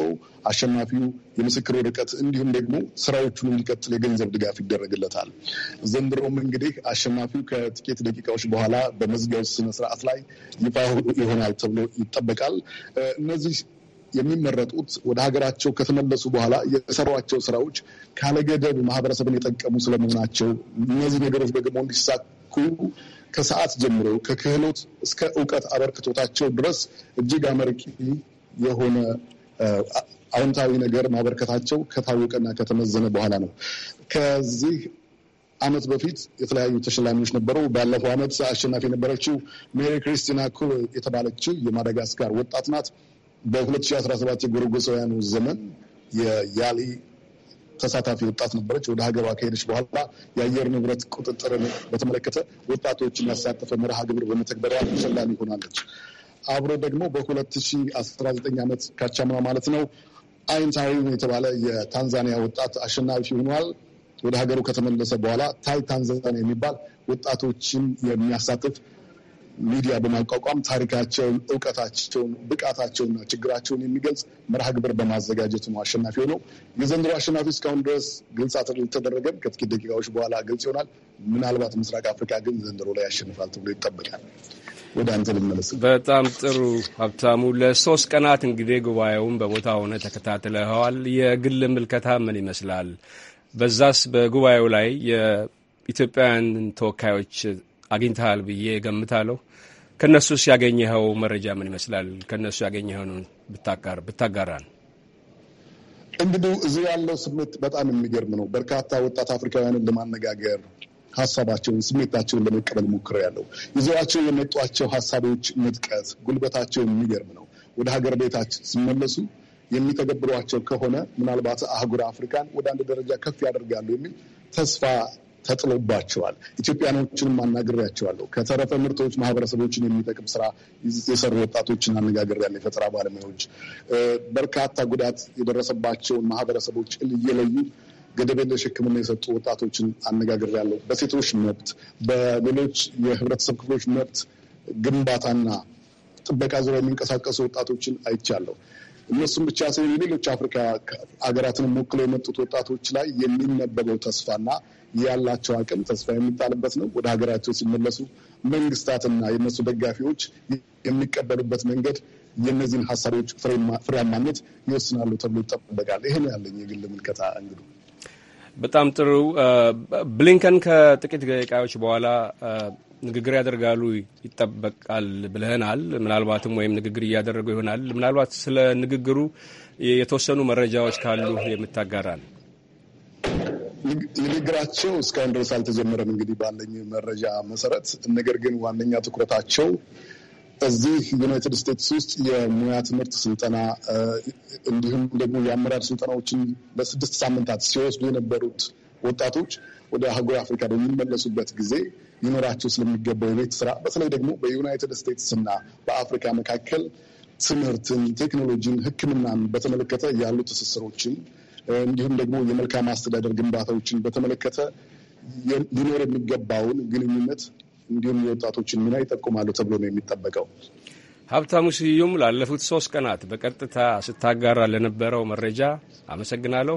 L: አሸናፊው የምስክር ወረቀት እንዲሁም ደግሞ ስራዎቹን እንዲቀጥል የገንዘብ ድጋፍ ይደረግለታል። ዘንድሮም እንግዲህ አሸናፊው ከጥቂት ደቂቃዎች በኋላ በመዝጊያው ስነስርዓት ላይ ይፋ ይሆናል ተብሎ ይጠበቃል። እነዚህ የሚመረጡት ወደ ሀገራቸው ከተመለሱ በኋላ የሰሯቸው ስራዎች ካለገደብ ማህበረሰብን የጠቀሙ ስለመሆናቸው እነዚህ ነገሮች ደግሞ እንዲሳኩ ከሰዓት ጀምሮ ከክህሎት እስከ እውቀት አበርክቶታቸው ድረስ እጅግ አመርቂ የሆነ አዎንታዊ ነገር ማበርከታቸው ከታወቀና ከተመዘነ በኋላ ነው። ከዚህ አመት በፊት የተለያዩ ተሸላሚዎች ነበሩ። ባለፈው አመት አሸናፊ የነበረችው ሜሪ ክሪስቲና ኩል የተባለችው የማዳጋስካር ወጣት ናት። በ2017 የጎረጎሳውያኑ ዘመን የያሊ ተሳታፊ ወጣት ነበረች። ወደ ሀገሯ ከሄደች በኋላ የአየር ንብረት ቁጥጥርን በተመለከተ ወጣቶችን ያሳተፈ መርሃ ግብር በመተግበሪያ ተሸላሚ ሆናለች። አብሮ ደግሞ በ2019 ዓመት ካቻምና ማለት ነው አይንታዊ የተባለ የታንዛኒያ ወጣት አሸናፊ ሆኗል። ወደ ሀገሩ ከተመለሰ በኋላ ታይ ታንዛኒያ የሚባል ወጣቶችን የሚያሳትፍ ሚዲያ በማቋቋም ታሪካቸውን፣ እውቀታቸውን፣ ብቃታቸውንና ችግራቸውን የሚገልጽ መርሃ ግብር በማዘጋጀት ነው አሸናፊ ሆነው። የዘንድሮ አሸናፊ እስካሁን ድረስ ግልጽ አልተደረገም። ከጥቂት ደቂቃዎች በኋላ ግልጽ ይሆናል። ምናልባት ምስራቅ አፍሪካ ግን ዘንድሮ ላይ ያሸንፋል ተብሎ ይጠበቃል።
A: ወደ አንተ ልመለስ። በጣም ጥሩ ሀብታሙ። ለሶስት ቀናት እንግዲህ ጉባኤውን በቦታ ሆነ ተከታትለኸዋል። የግል ምልከታ ምን ይመስላል? በዛስ በጉባኤው ላይ የኢትዮጵያውያን ተወካዮች አግኝተሃል ብዬ ገምታለሁ። ከእነሱስ ያገኘኸው መረጃ ምን ይመስላል? ከእነሱ ያገኘኸውን ብታጋራን።
L: እንግዲህ እዚህ ያለው ስሜት በጣም የሚገርም ነው። በርካታ ወጣት አፍሪካውያንን ለማነጋገር ሀሳባቸውን፣ ስሜታቸውን ለመቀበል ሞክረ ያለው ይዘዋቸው የመጧቸው ሀሳቦች ምጥቀት ጉልበታቸው የሚገርም ነው። ወደ ሀገር ቤታችን ሲመለሱ የሚተገብሯቸው ከሆነ ምናልባት አህጉር አፍሪካን ወደ አንድ ደረጃ ከፍ ያደርጋሉ የሚል ተስፋ ተጥሎባቸዋል። ኢትዮጵያኖችንም አናግሬያቸዋለሁ። ከተረፈ ምርቶች ማህበረሰቦችን የሚጠቅም ስራ የሰሩ ወጣቶችን አነጋግሬያለሁ። የፈጠራ ባለሙያዎች በርካታ ጉዳት የደረሰባቸውን ማህበረሰቦች እየለዩ ገደብ የለሽ ሕክምና የሰጡ ወጣቶችን አነጋግሬያለሁ። በሴቶች መብት፣ በሌሎች የህብረተሰብ ክፍሎች መብት ግንባታና ጥበቃ ዙሪያ የሚንቀሳቀሱ ወጣቶችን አይቻለሁ። እነሱም ብቻ ሳይሆን የሌሎች አፍሪካ ሀገራትን ሞክለው የመጡት ወጣቶች ላይ የሚነበበው ተስፋና ያላቸው አቅም ተስፋ የሚጣልበት ነው። ወደ ሀገራቸው ሲመለሱ መንግስታትና የነሱ ደጋፊዎች የሚቀበሉበት መንገድ የእነዚህን ሀሳቦች ፍሬያማነት ይወስናሉ ተብሎ ይጠበቃል። ይህን ያለኝ የግል ምልከታ እንግዱ
A: በጣም ጥሩ። ብሊንከን ከጥቂት ደቂቃዎች በኋላ ንግግር ያደርጋሉ ይጠበቃል ብለህናል። ምናልባትም ወይም ንግግር እያደረጉ ይሆናል። ምናልባት ስለ ንግግሩ የተወሰኑ መረጃዎች ካሉ የምታጋራል።
L: ንግግራቸው እስካሁን ድረስ አልተጀመረም፣ እንግዲህ ባለኝ መረጃ መሰረት። ነገር ግን ዋነኛ ትኩረታቸው እዚህ ዩናይትድ ስቴትስ ውስጥ የሙያ ትምህርት ስልጠና እንዲሁም ደግሞ የአመራር ስልጠናዎችን በስድስት ሳምንታት ሲወስዱ የነበሩት ወጣቶች ወደ አህጉር አፍሪካ በሚመለሱበት ጊዜ ሊኖራቸው ስለሚገባው የቤት ስራ በተለይ ደግሞ በዩናይትድ ስቴትስ እና በአፍሪካ መካከል ትምህርትን፣ ቴክኖሎጂን፣ ሕክምናን በተመለከተ ያሉ ትስስሮችን እንዲሁም ደግሞ የመልካም አስተዳደር ግንባታዎችን በተመለከተ ሊኖር የሚገባውን ግንኙነት እንዲሁም የወጣቶችን ሚና ይጠቁማሉ ተብሎ ነው የሚጠበቀው።
A: ሀብታሙ ስዩም ላለፉት ሶስት ቀናት በቀጥታ ስታጋራ ለነበረው መረጃ አመሰግናለሁ።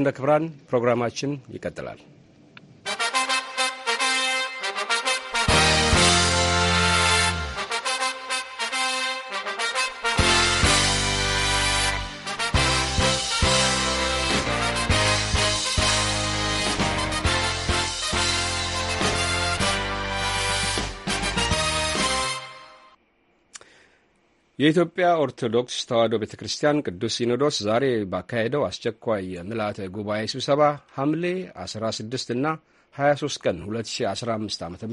A: እንደ ክብራን ፕሮግራማችን ይቀጥላል። የኢትዮጵያ ኦርቶዶክስ ተዋሕዶ ቤተ ክርስቲያን ቅዱስ ሲኖዶስ ዛሬ ባካሄደው አስቸኳይ የምልአተ ጉባኤ ስብሰባ ሐምሌ 16 እና 23 ቀን 2015 ዓ ም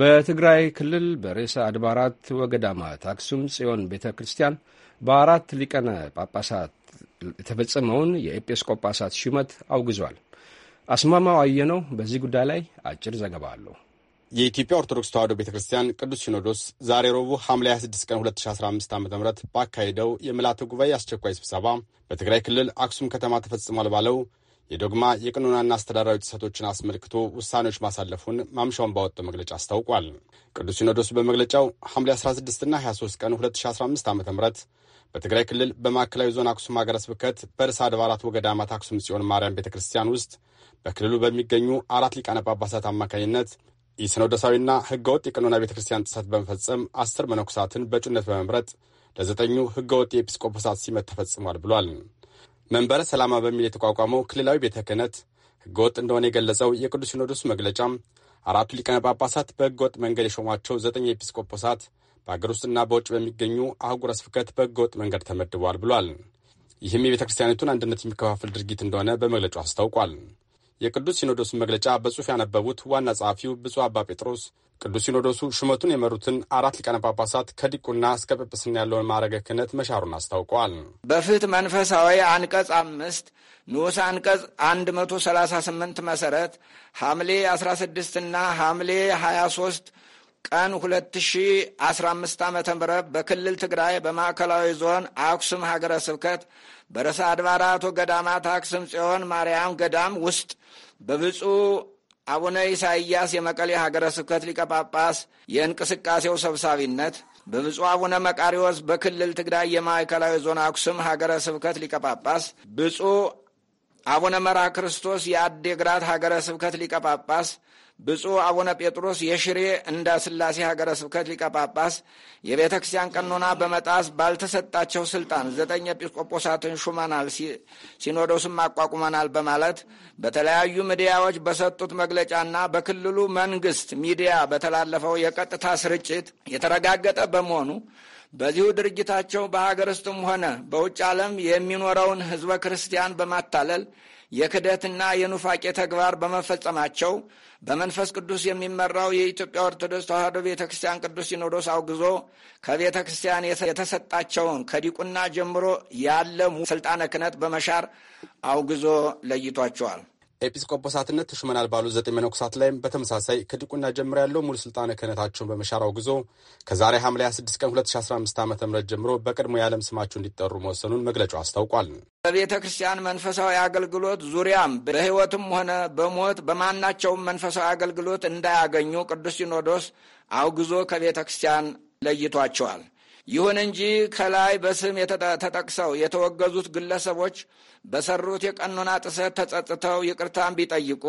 A: በትግራይ ክልል በርዕሰ አድባራት ወገዳማት አክሱም ጽዮን ቤተ ክርስቲያን በአራት ሊቀነ ጳጳሳት የተፈጸመውን የኤጲስቆጳሳት ሹመት አውግዟል። አስማማው አየነው በዚህ ጉዳይ ላይ አጭር ዘገባ አለው። የኢትዮጵያ
M: ኦርቶዶክስ ተዋሕዶ ቤተ ክርስቲያን ቅዱስ ሲኖዶስ ዛሬ ረቡዕ ሐምሌ 26 ቀን 2015 ዓ ም ባካሄደው የምልዓተ ጉባኤ አስቸኳይ ስብሰባ በትግራይ ክልል አክሱም ከተማ ተፈጽሟል ባለው የዶግማ የቅኑናና አስተዳደራዊ ጥሰቶችን አስመልክቶ ውሳኔዎች ማሳለፉን ማምሻውን ባወጣው መግለጫ አስታውቋል። ቅዱስ ሲኖዶስ በመግለጫው ሐምሌ 16ና 23 ቀን 2015 ዓ ም በትግራይ ክልል በማዕከላዊ ዞን አክሱም ሀገረ ስብከት በርዕሰ አድባራት ወገዳማት አክሱም ጽዮን ማርያም ቤተ ክርስቲያን ውስጥ በክልሉ በሚገኙ አራት ሊቃነ ጳጳሳት አማካኝነት የሰነወደሳዊና ህገወጥ የቀኖና ቤተ ክርስቲያን ጥሰት በመፈጸም አስር መነኮሳትን በእጩነት በመምረጥ ለዘጠኙ ህገወጥ የኤጲስቆጶሳት ሲመት ተፈጽሟል ብሏል። መንበረ ሰላማ በሚል የተቋቋመው ክልላዊ ቤተ ክህነት ህገወጥ እንደሆነ የገለጸው የቅዱስ ሲኖዶስ መግለጫ አራቱ ሊቀነ ጳጳሳት በህገወጥ መንገድ የሾሟቸው ዘጠኝ ኤጲስቆጶሳት በአገር ውስጥና በውጭ በሚገኙ አህጉረ ስብከት በህገወጥ መንገድ ተመድበዋል ብሏል። ይህም የቤተ ክርስቲያኒቱን አንድነት የሚከፋፍል ድርጊት እንደሆነ በመግለጫው አስታውቋል። የቅዱስ ሲኖዶስን መግለጫ በጽሑፍ ያነበቡት ዋና ጸሐፊው ብፁዕ አባ ጴጥሮስ ቅዱስ ሲኖዶሱ ሹመቱን የመሩትን አራት ሊቃነ ጳጳሳት ከዲቁና እስከ ጵጵስና ያለውን ማዕረገ ክህነት
E: መሻሩን አስታውቀዋል። በፍትሕ መንፈሳዊ አንቀጽ አምስት ንዑስ አንቀጽ 138 መሠረት ሐምሌ 16 ና ሐምሌ 23 ቀን 2015 ዓ ም በክልል ትግራይ በማዕከላዊ ዞን አክሱም ሀገረ ስብከት በርዕሰ አድባራቱ ገዳማት አክሱም ጽዮን ማርያም ገዳም ውስጥ በብፁዕ አቡነ ኢሳይያስ የመቀሌ ሀገረ ስብከት ሊቀ ጳጳስ የእንቅስቃሴው ሰብሳቢነት በብፁዕ አቡነ መቃሪዎስ በክልል ትግራይ የማዕከላዊ ዞን አክሱም ሀገረ ስብከት ሊቀጳጳስ ጳጳስ፣ ብፁዕ አቡነ መራ ክርስቶስ የአዴግራት ሀገረ ስብከት ሊቀጳጳስ። ብፁዕ አቡነ ጴጥሮስ የሽሬ እንዳ ስላሴ ሀገረ ስብከት ሊቀ ጳጳስ የቤተ ክርስቲያን ቀኖና በመጣስ ባልተሰጣቸው ስልጣን ዘጠኝ ኤጲስቆጶሳትን ሹመናል፣ ሲኖዶስም አቋቁመናል በማለት በተለያዩ ሚዲያዎች በሰጡት መግለጫና በክልሉ መንግስት ሚዲያ በተላለፈው የቀጥታ ስርጭት የተረጋገጠ በመሆኑ በዚሁ ድርጅታቸው በሀገር ውስጥም ሆነ በውጭ ዓለም የሚኖረውን ህዝበ ክርስቲያን በማታለል የክደትና የኑፋቄ ተግባር በመፈጸማቸው በመንፈስ ቅዱስ የሚመራው የኢትዮጵያ ኦርቶዶክስ ተዋሕዶ ቤተ ክርስቲያን ቅዱስ ሲኖዶስ አውግዞ ከቤተ ክርስቲያን የተሰጣቸውን ከዲቁና ጀምሮ ያለ ስልጣነ ክህነት በመሻር አውግዞ ለይቷቸዋል።
M: ኤጲስቆጶሳትነት ተሹመናል ባሉ ዘጠኝ መነኩሳት ላይም በተመሳሳይ ከድቁና ጀምሮ ያለው ሙሉ ስልጣነ ክህነታቸውን በመሻር ጉዞ ከዛሬ ሐምሌ 26 ቀን 2015 ዓ ም ጀምሮ በቀድሞ የዓለም ስማቸው እንዲጠሩ መወሰኑን መግለጫው አስታውቋል።
E: በቤተ ክርስቲያን መንፈሳዊ አገልግሎት ዙሪያም በሕይወትም ሆነ በሞት በማናቸውም መንፈሳዊ አገልግሎት እንዳያገኙ ቅዱስ ሲኖዶስ አውግዞ ከቤተ ክርስቲያን ለይቷቸዋል። ይሁን እንጂ ከላይ በስም ተጠቅሰው የተወገዙት ግለሰቦች በሰሩት የቀኖና ጥሰት ተጸጽተው ይቅርታን ቢጠይቁ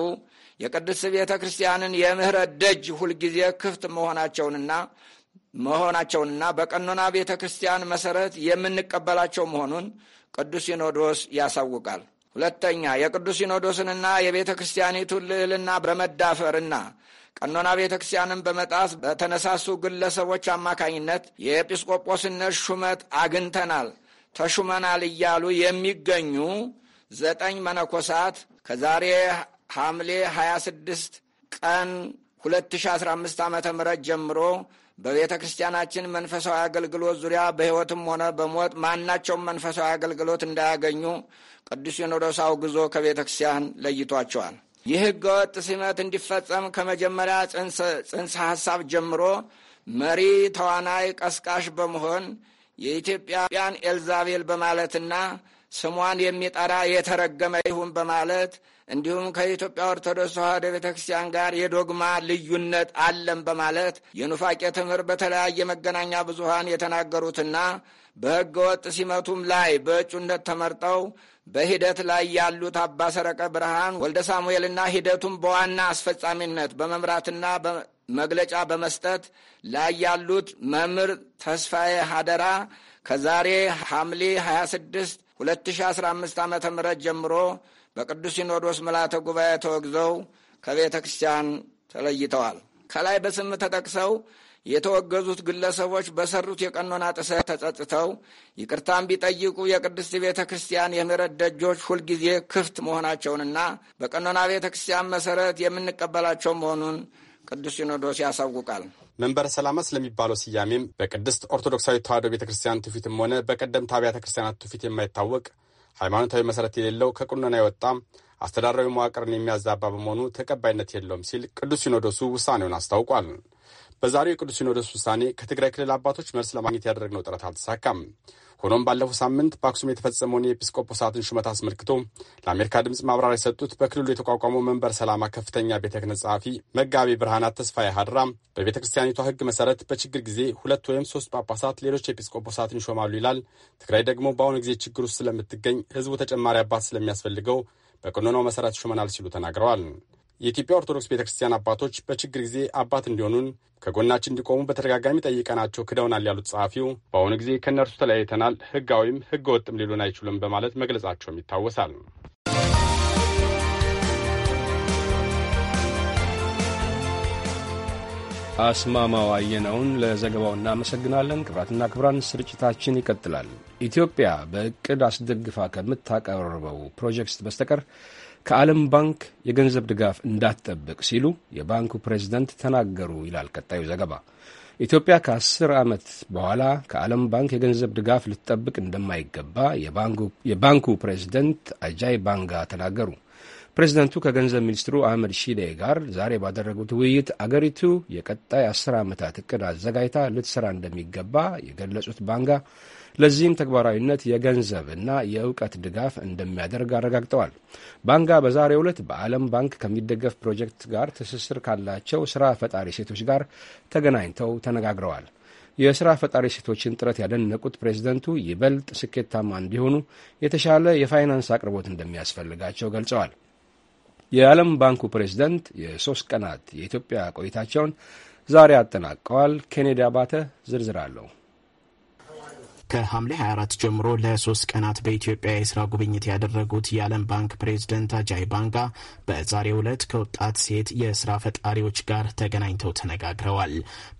E: የቅድስ ቤተ ክርስቲያንን የምህረት ደጅ ሁልጊዜ ክፍት መሆናቸውንና መሆናቸውንና በቀኖና ቤተ ክርስቲያን መሰረት የምንቀበላቸው መሆኑን ቅዱስ ሲኖዶስ ያሳውቃል። ሁለተኛ የቅዱስ ሲኖዶስንና የቤተ ክርስቲያኒቱን ልዕልና በመዳፈርና ቀኖና ቤተ ክርስቲያንን በመጣስ በተነሳሱ ግለሰቦች አማካኝነት የኤጲስቆጶስነት ሹመት አግኝተናል፣ ተሹመናል እያሉ የሚገኙ ዘጠኝ መነኮሳት ከዛሬ ሐምሌ 26 ቀን 2015 ዓ ም ጀምሮ በቤተ ክርስቲያናችን መንፈሳዊ አገልግሎት ዙሪያ በሕይወትም ሆነ በሞት ማናቸውም መንፈሳዊ አገልግሎት እንዳያገኙ ቅዱስ ሲኖዶስ አውግዞ ከቤተ ክርስቲያን ለይቷቸዋል። ይህ ህገወጥ ስመት እንዲፈጸም ከመጀመሪያ ጽንሰ ሐሳብ ጀምሮ መሪ ተዋናይ ቀስቃሽ በመሆን የኢትዮጵያን ኤልዛቤል በማለትና ስሟን የሚጠራ የተረገመ ይሁን በማለት እንዲሁም ከኢትዮጵያ ኦርቶዶክስ ተዋሕዶ ቤተ ክርስቲያን ጋር የዶግማ ልዩነት አለም በማለት የኑፋቄ ትምህርት በተለያየ መገናኛ ብዙሃን የተናገሩትና በሕገ ወጥ ሲመቱም ላይ በእጩነት ተመርጠው በሂደት ላይ ያሉት አባ ሰረቀ ብርሃን ወልደ ሳሙኤልና ሂደቱን በዋና አስፈጻሚነት በመምራትና መግለጫ በመስጠት ላይ ያሉት መምህር ተስፋዬ ሀደራ ከዛሬ ሐምሌ 26 2015 ዓ ም ጀምሮ በቅዱስ ሲኖዶስ ምልዓተ ጉባኤ ተወግዘው ከቤተ ክርስቲያን ተለይተዋል። ከላይ በስም ተጠቅሰው የተወገዙት ግለሰቦች በሰሩት የቀኖና ጥሰት ተጸጽተው ይቅርታን ቢጠይቁ የቅድስት ቤተ ክርስቲያን የምህረት ደጆች ሁልጊዜ ክፍት መሆናቸውንና በቀኖና ቤተ ክርስቲያን መሰረት የምንቀበላቸው መሆኑን ቅዱስ ሲኖዶስ ያሳውቃል።
M: መንበረ ሰላማ ስለሚባለው ስያሜም በቅድስት ኦርቶዶክሳዊ ተዋሕዶ ቤተ ክርስቲያን ትውፊትም ሆነ በቀደምት አብያተ ክርስቲያናት ትውፊት የማይታወቅ ሃይማኖታዊ መሰረት የሌለው ከቁነና የወጣ አስተዳደራዊ መዋቅርን የሚያዛባ በመሆኑ ተቀባይነት የለውም ሲል ቅዱስ ሲኖዶሱ ውሳኔውን አስታውቋል። በዛሬው የቅዱስ ሲኖዶስ ውሳኔ ከትግራይ ክልል አባቶች መልስ ለማግኘት ያደረግነው ጥረት አልተሳካም። ሆኖም ባለፈው ሳምንት በአክሱም የተፈጸመውን የኤጲስቆጶሳትን ሹመት አስመልክቶ ለአሜሪካ ድምፅ ማብራሪያ የሰጡት በክልሉ የተቋቋመው መንበር ሰላማ ከፍተኛ ቤተ ክህነት ጸሐፊ መጋቤ ብርሃናት ተስፋ ሀድራ በቤተ ክርስቲያኒቷ ሕግ መሰረት በችግር ጊዜ ሁለት ወይም ሶስት ጳጳሳት ሌሎች ኤጲስቆጶሳትን ይሾማሉ ይላል። ትግራይ ደግሞ በአሁኑ ጊዜ ችግር ውስጥ ስለምትገኝ ሕዝቡ ተጨማሪ አባት ስለሚያስፈልገው በቅኖናው መሰረት ይሾመናል ሲሉ ተናግረዋል። የኢትዮጵያ ኦርቶዶክስ ቤተ ክርስቲያን አባቶች በችግር ጊዜ አባት እንዲሆኑን ከጎናችን እንዲቆሙ በተደጋጋሚ ጠይቀናቸው ክደውናል ያሉት ጸሐፊው በአሁኑ ጊዜ ከእነርሱ ተለያይተናል፣ ህጋዊም ህገ ወጥም ሊሉን አይችሉም በማለት መግለጻቸውም ይታወሳል።
A: አስማማው አየነውን ለዘገባው እናመሰግናለን። ክብራትና ክብራን ስርጭታችን ይቀጥላል። ኢትዮጵያ በእቅድ አስደግፋ ከምታቀርበው ፕሮጀክት በስተቀር ከዓለም ባንክ የገንዘብ ድጋፍ እንዳትጠብቅ ሲሉ የባንኩ ፕሬዝደንት ተናገሩ ይላል ቀጣዩ ዘገባ። ኢትዮጵያ ከአስር ዓመት በኋላ ከዓለም ባንክ የገንዘብ ድጋፍ ልትጠብቅ እንደማይገባ የባንኩ ፕሬዝደንት አጃይ ባንጋ ተናገሩ። ፕሬዝደንቱ ከገንዘብ ሚኒስትሩ አህመድ ሺዴ ጋር ዛሬ ባደረጉት ውይይት አገሪቱ የቀጣይ አስር ዓመታት እቅድ አዘጋጅታ ልትሰራ እንደሚገባ የገለጹት ባንጋ ለዚህም ተግባራዊነት የገንዘብና የእውቀት ድጋፍ እንደሚያደርግ አረጋግጠዋል። ባንጋ በዛሬ ዕለት በዓለም ባንክ ከሚደገፍ ፕሮጀክት ጋር ትስስር ካላቸው ስራ ፈጣሪ ሴቶች ጋር ተገናኝተው ተነጋግረዋል። የስራ ፈጣሪ ሴቶችን ጥረት ያደነቁት ፕሬዝደንቱ ይበልጥ ስኬታማ እንዲሆኑ የተሻለ የፋይናንስ አቅርቦት እንደሚያስፈልጋቸው ገልጸዋል። የዓለም ባንኩ ፕሬዝደንት የሶስት ቀናት የኢትዮጵያ ቆይታቸውን
H: ዛሬ አጠናቀዋል። ኬኔዲ አባተ ዝርዝር አለው። ከሐምሌ 24 ጀምሮ ለሶስት ቀናት በኢትዮጵያ የስራ ጉብኝት ያደረጉት የዓለም ባንክ ፕሬዝደንት አጃይ ባንጋ በዛሬው ዕለት ከወጣት ሴት የስራ ፈጣሪዎች ጋር ተገናኝተው ተነጋግረዋል።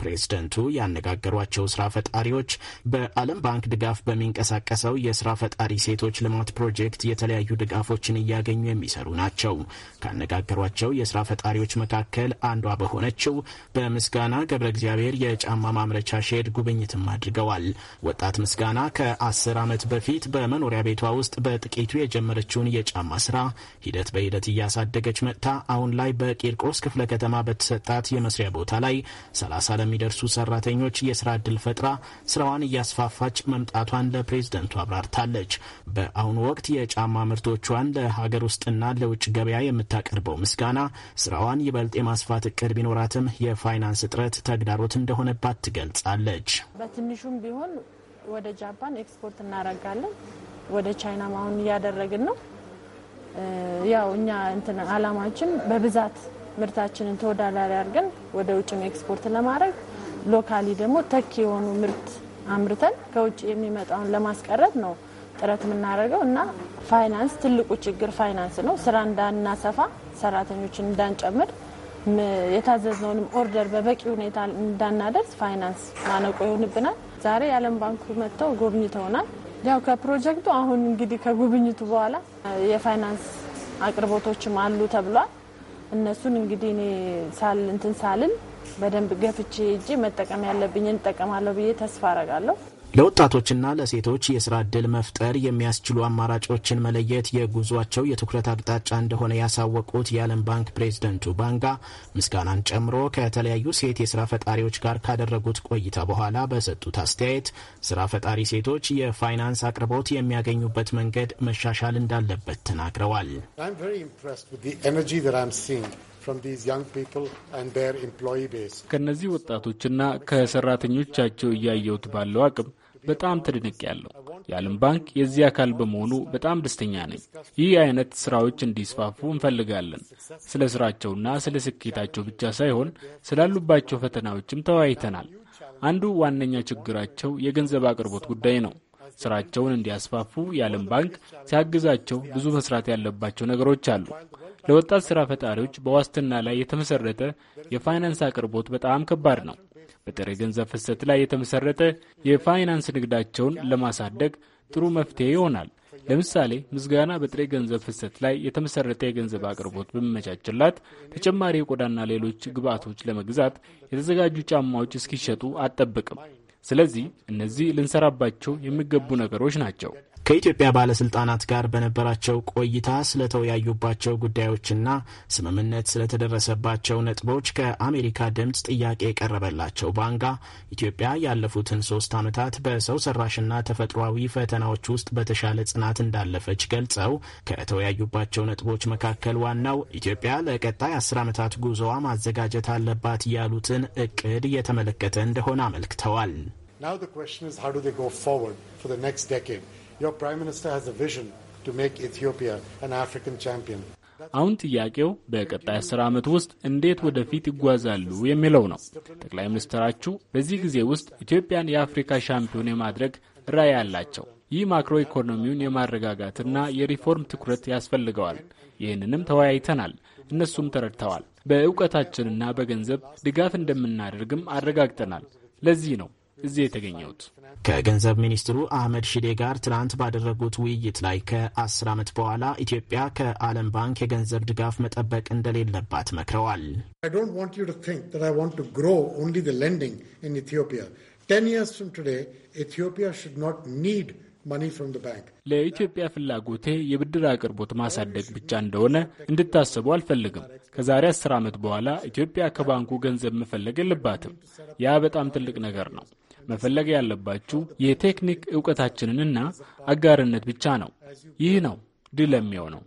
H: ፕሬዝደንቱ ያነጋገሯቸው ስራ ፈጣሪዎች በዓለም ባንክ ድጋፍ በሚንቀሳቀሰው የስራ ፈጣሪ ሴቶች ልማት ፕሮጀክት የተለያዩ ድጋፎችን እያገኙ የሚሰሩ ናቸው። ካነጋገሯቸው የስራ ፈጣሪዎች መካከል አንዷ በሆነችው በምስጋና ገብረ እግዚአብሔር የጫማ ማምረቻ ሼድ ጉብኝትም አድርገዋል። ወጣት ምስጋና ከአስር ዓመት በፊት በመኖሪያ ቤቷ ውስጥ በጥቂቱ የጀመረችውን የጫማ ስራ ሂደት በሂደት እያሳደገች መጥታ አሁን ላይ በቂርቆስ ክፍለ ከተማ በተሰጣት የመስሪያ ቦታ ላይ ሰላሳ ለሚደርሱ ሰራተኞች የስራ እድል ፈጥራ ስራዋን እያስፋፋች መምጣቷን ለፕሬዝደንቱ አብራርታለች። በአሁኑ ወቅት የጫማ ምርቶቿን ለሀገር ውስጥና ለውጭ ገበያ የምታቀርበው ምስጋና ስራዋን ይበልጥ የማስፋት እቅድ ቢኖራትም የፋይናንስ እጥረት ተግዳሮት እንደሆነባት ትገልጻለች።
N: በትንሹም ቢሆን ወደ ጃፓን ኤክስፖርት እናደርጋለን። ወደ ቻይናም አሁን እያደረግን ነው። ያው እኛ እንትን አላማችን በብዛት ምርታችንን ተወዳዳሪ አድርገን ወደ ውጭም ኤክስፖርት ለማድረግ ሎካሊ ደግሞ ተኪ የሆኑ ምርት አምርተን ከውጭ የሚመጣውን ለማስቀረት ነው ጥረት የምናደርገው እና ፋይናንስ ትልቁ ችግር ፋይናንስ ነው። ስራ እንዳናሰፋ፣ ሰራተኞችን እንዳንጨምር፣ የታዘዝነውንም ኦርደር በበቂ ሁኔታ እንዳናደርስ ፋይናንስ ማነቆ ይሆንብናል። ዛሬ የዓለም ባንኩ መጥተው ጎብኝተውናል። ያው ከፕሮጀክቱ አሁን እንግዲህ ከጉብኝቱ በኋላ የፋይናንስ አቅርቦቶችም አሉ ተብሏል። እነሱን እንግዲህ እኔ ሳል እንትን ሳልን በደንብ ገፍቼ እጄ መጠቀም ያለብኝ እንጠቀማለሁ ብዬ ተስፋ አረጋለሁ።
H: ለወጣቶችና ለሴቶች የስራ እድል መፍጠር የሚያስችሉ አማራጮችን መለየት የጉዟቸው የትኩረት አቅጣጫ እንደሆነ ያሳወቁት የዓለም ባንክ ፕሬዝደንቱ ባንጋ ምስጋናን ጨምሮ ከተለያዩ ሴት የስራ ፈጣሪዎች ጋር ካደረጉት ቆይታ በኋላ በሰጡት አስተያየት ስራ ፈጣሪ ሴቶች የፋይናንስ አቅርቦት የሚያገኙበት መንገድ መሻሻል እንዳለበት ተናግረዋል። ከእነዚህ
G: ወጣቶችና ከሰራተኞቻቸው እያየሁት ባለው አቅም በጣም ተደነቅ ያለው የዓለም ባንክ የዚህ አካል በመሆኑ በጣም ደስተኛ ነኝ። ይህ አይነት ስራዎች እንዲስፋፉ እንፈልጋለን። ስለ ስራቸውና ስለ ስኬታቸው ብቻ ሳይሆን ስላሉባቸው ፈተናዎችም ተወያይተናል። አንዱ ዋነኛ ችግራቸው የገንዘብ አቅርቦት ጉዳይ ነው። ስራቸውን እንዲያስፋፉ የዓለም ባንክ ሲያግዛቸው ብዙ መስራት ያለባቸው ነገሮች አሉ። ለወጣት ስራ ፈጣሪዎች በዋስትና ላይ የተመሰረተ የፋይናንስ አቅርቦት በጣም ከባድ ነው። በጥሬ ገንዘብ ፍሰት ላይ የተመሰረተ የፋይናንስ ንግዳቸውን ለማሳደግ ጥሩ መፍትሄ ይሆናል። ለምሳሌ ምስጋና በጥሬ ገንዘብ ፍሰት ላይ የተመሰረተ የገንዘብ አቅርቦት በመመቻችላት ተጨማሪ የቆዳና ሌሎች ግብዓቶች ለመግዛት የተዘጋጁ ጫማዎች እስኪሸጡ አጠብቅም። ስለዚህ እነዚህ ልንሰራባቸው የሚገቡ
H: ነገሮች ናቸው። ከኢትዮጵያ ባለስልጣናት ጋር በነበራቸው ቆይታ ስለተወያዩባቸው ጉዳዮችና ስምምነት ስለተደረሰባቸው ነጥቦች ከአሜሪካ ድምፅ ጥያቄ የቀረበላቸው ባንጋ ኢትዮጵያ ያለፉትን ሶስት ዓመታት በሰው ሰራሽና ተፈጥሯዊ ፈተናዎች ውስጥ በተሻለ ጽናት እንዳለፈች ገልጸው ከተወያዩባቸው ነጥቦች መካከል ዋናው ኢትዮጵያ ለቀጣይ አስር ዓመታት ጉዞዋ ማዘጋጀት አለባት ያሉትን እቅድ እየተመለከተ እንደሆነ አመልክተዋል።
I: Now the question is how do they go forward for the next decade? Your Prime Minister has a vision to make Ethiopia an African champion.
G: አሁን ጥያቄው በቀጣይ አስር ዓመት ውስጥ እንዴት ወደፊት ይጓዛሉ የሚለው ነው። ጠቅላይ ሚኒስትራችሁ በዚህ ጊዜ ውስጥ ኢትዮጵያን የአፍሪካ ሻምፒዮን የማድረግ ራዕይ አላቸው። ይህ ማክሮ ኢኮኖሚውን የማረጋጋትና የሪፎርም ትኩረት ያስፈልገዋል። ይህንንም ተወያይተናል። እነሱም ተረድተዋል። በእውቀታችንና በገንዘብ ድጋፍ እንደምናደርግም አረጋግጠናል። ለዚህ ነው እዚህ የተገኘሁት።
H: ከገንዘብ ሚኒስትሩ አህመድ ሺዴ ጋር ትናንት ባደረጉት ውይይት ላይ ከአስር ዓመት በኋላ ኢትዮጵያ ከዓለም ባንክ የገንዘብ ድጋፍ መጠበቅ እንደሌለባት መክረዋል።
G: ለኢትዮጵያ ፍላጎቴ የብድር አቅርቦት ማሳደግ ብቻ እንደሆነ እንድታስቡ አልፈልግም። ከዛሬ አስር ዓመት በኋላ ኢትዮጵያ ከባንኩ ገንዘብ መፈለግ የለባትም። ያ በጣም ትልቅ ነገር ነው። መፈለግ ያለባችሁ የቴክኒክ እውቀታችንንና
H: አጋርነት ብቻ ነው። ይህ ነው ድል የሚሆነው።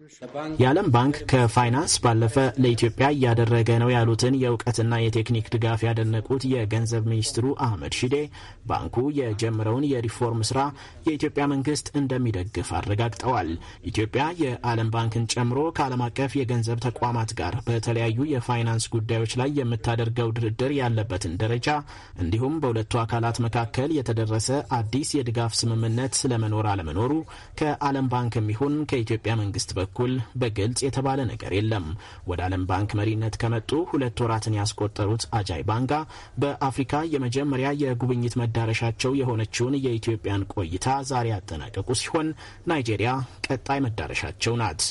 H: የዓለም ባንክ ከፋይናንስ ባለፈ ለኢትዮጵያ እያደረገ ነው ያሉትን የእውቀትና የቴክኒክ ድጋፍ ያደነቁት የገንዘብ ሚኒስትሩ አህመድ ሺዴ ባንኩ የጀመረውን የሪፎርም ስራ የኢትዮጵያ መንግስት እንደሚደግፍ አረጋግጠዋል። ኢትዮጵያ የዓለም ባንክን ጨምሮ ከዓለም አቀፍ የገንዘብ ተቋማት ጋር በተለያዩ የፋይናንስ ጉዳዮች ላይ የምታደርገው ድርድር ያለበትን ደረጃ እንዲሁም በሁለቱ አካላት መካከል የተደረሰ አዲስ የድጋፍ ስምምነት ስለመኖር አለመኖሩ ከዓለም ባንክ ይሁን ከኢትዮ በኢትዮጵያ መንግስት በኩል በግልጽ የተባለ ነገር የለም። ወደ ዓለም ባንክ መሪነት ከመጡ ሁለት ወራትን ያስቆጠሩት አጃይ ባንጋ በአፍሪካ የመጀመሪያ የጉብኝት መዳረሻቸው የሆነችውን የኢትዮጵያን ቆይታ ዛሬ ያጠናቀቁ ሲሆን ናይጄሪያ ቀጣይ መዳረሻቸው ናት።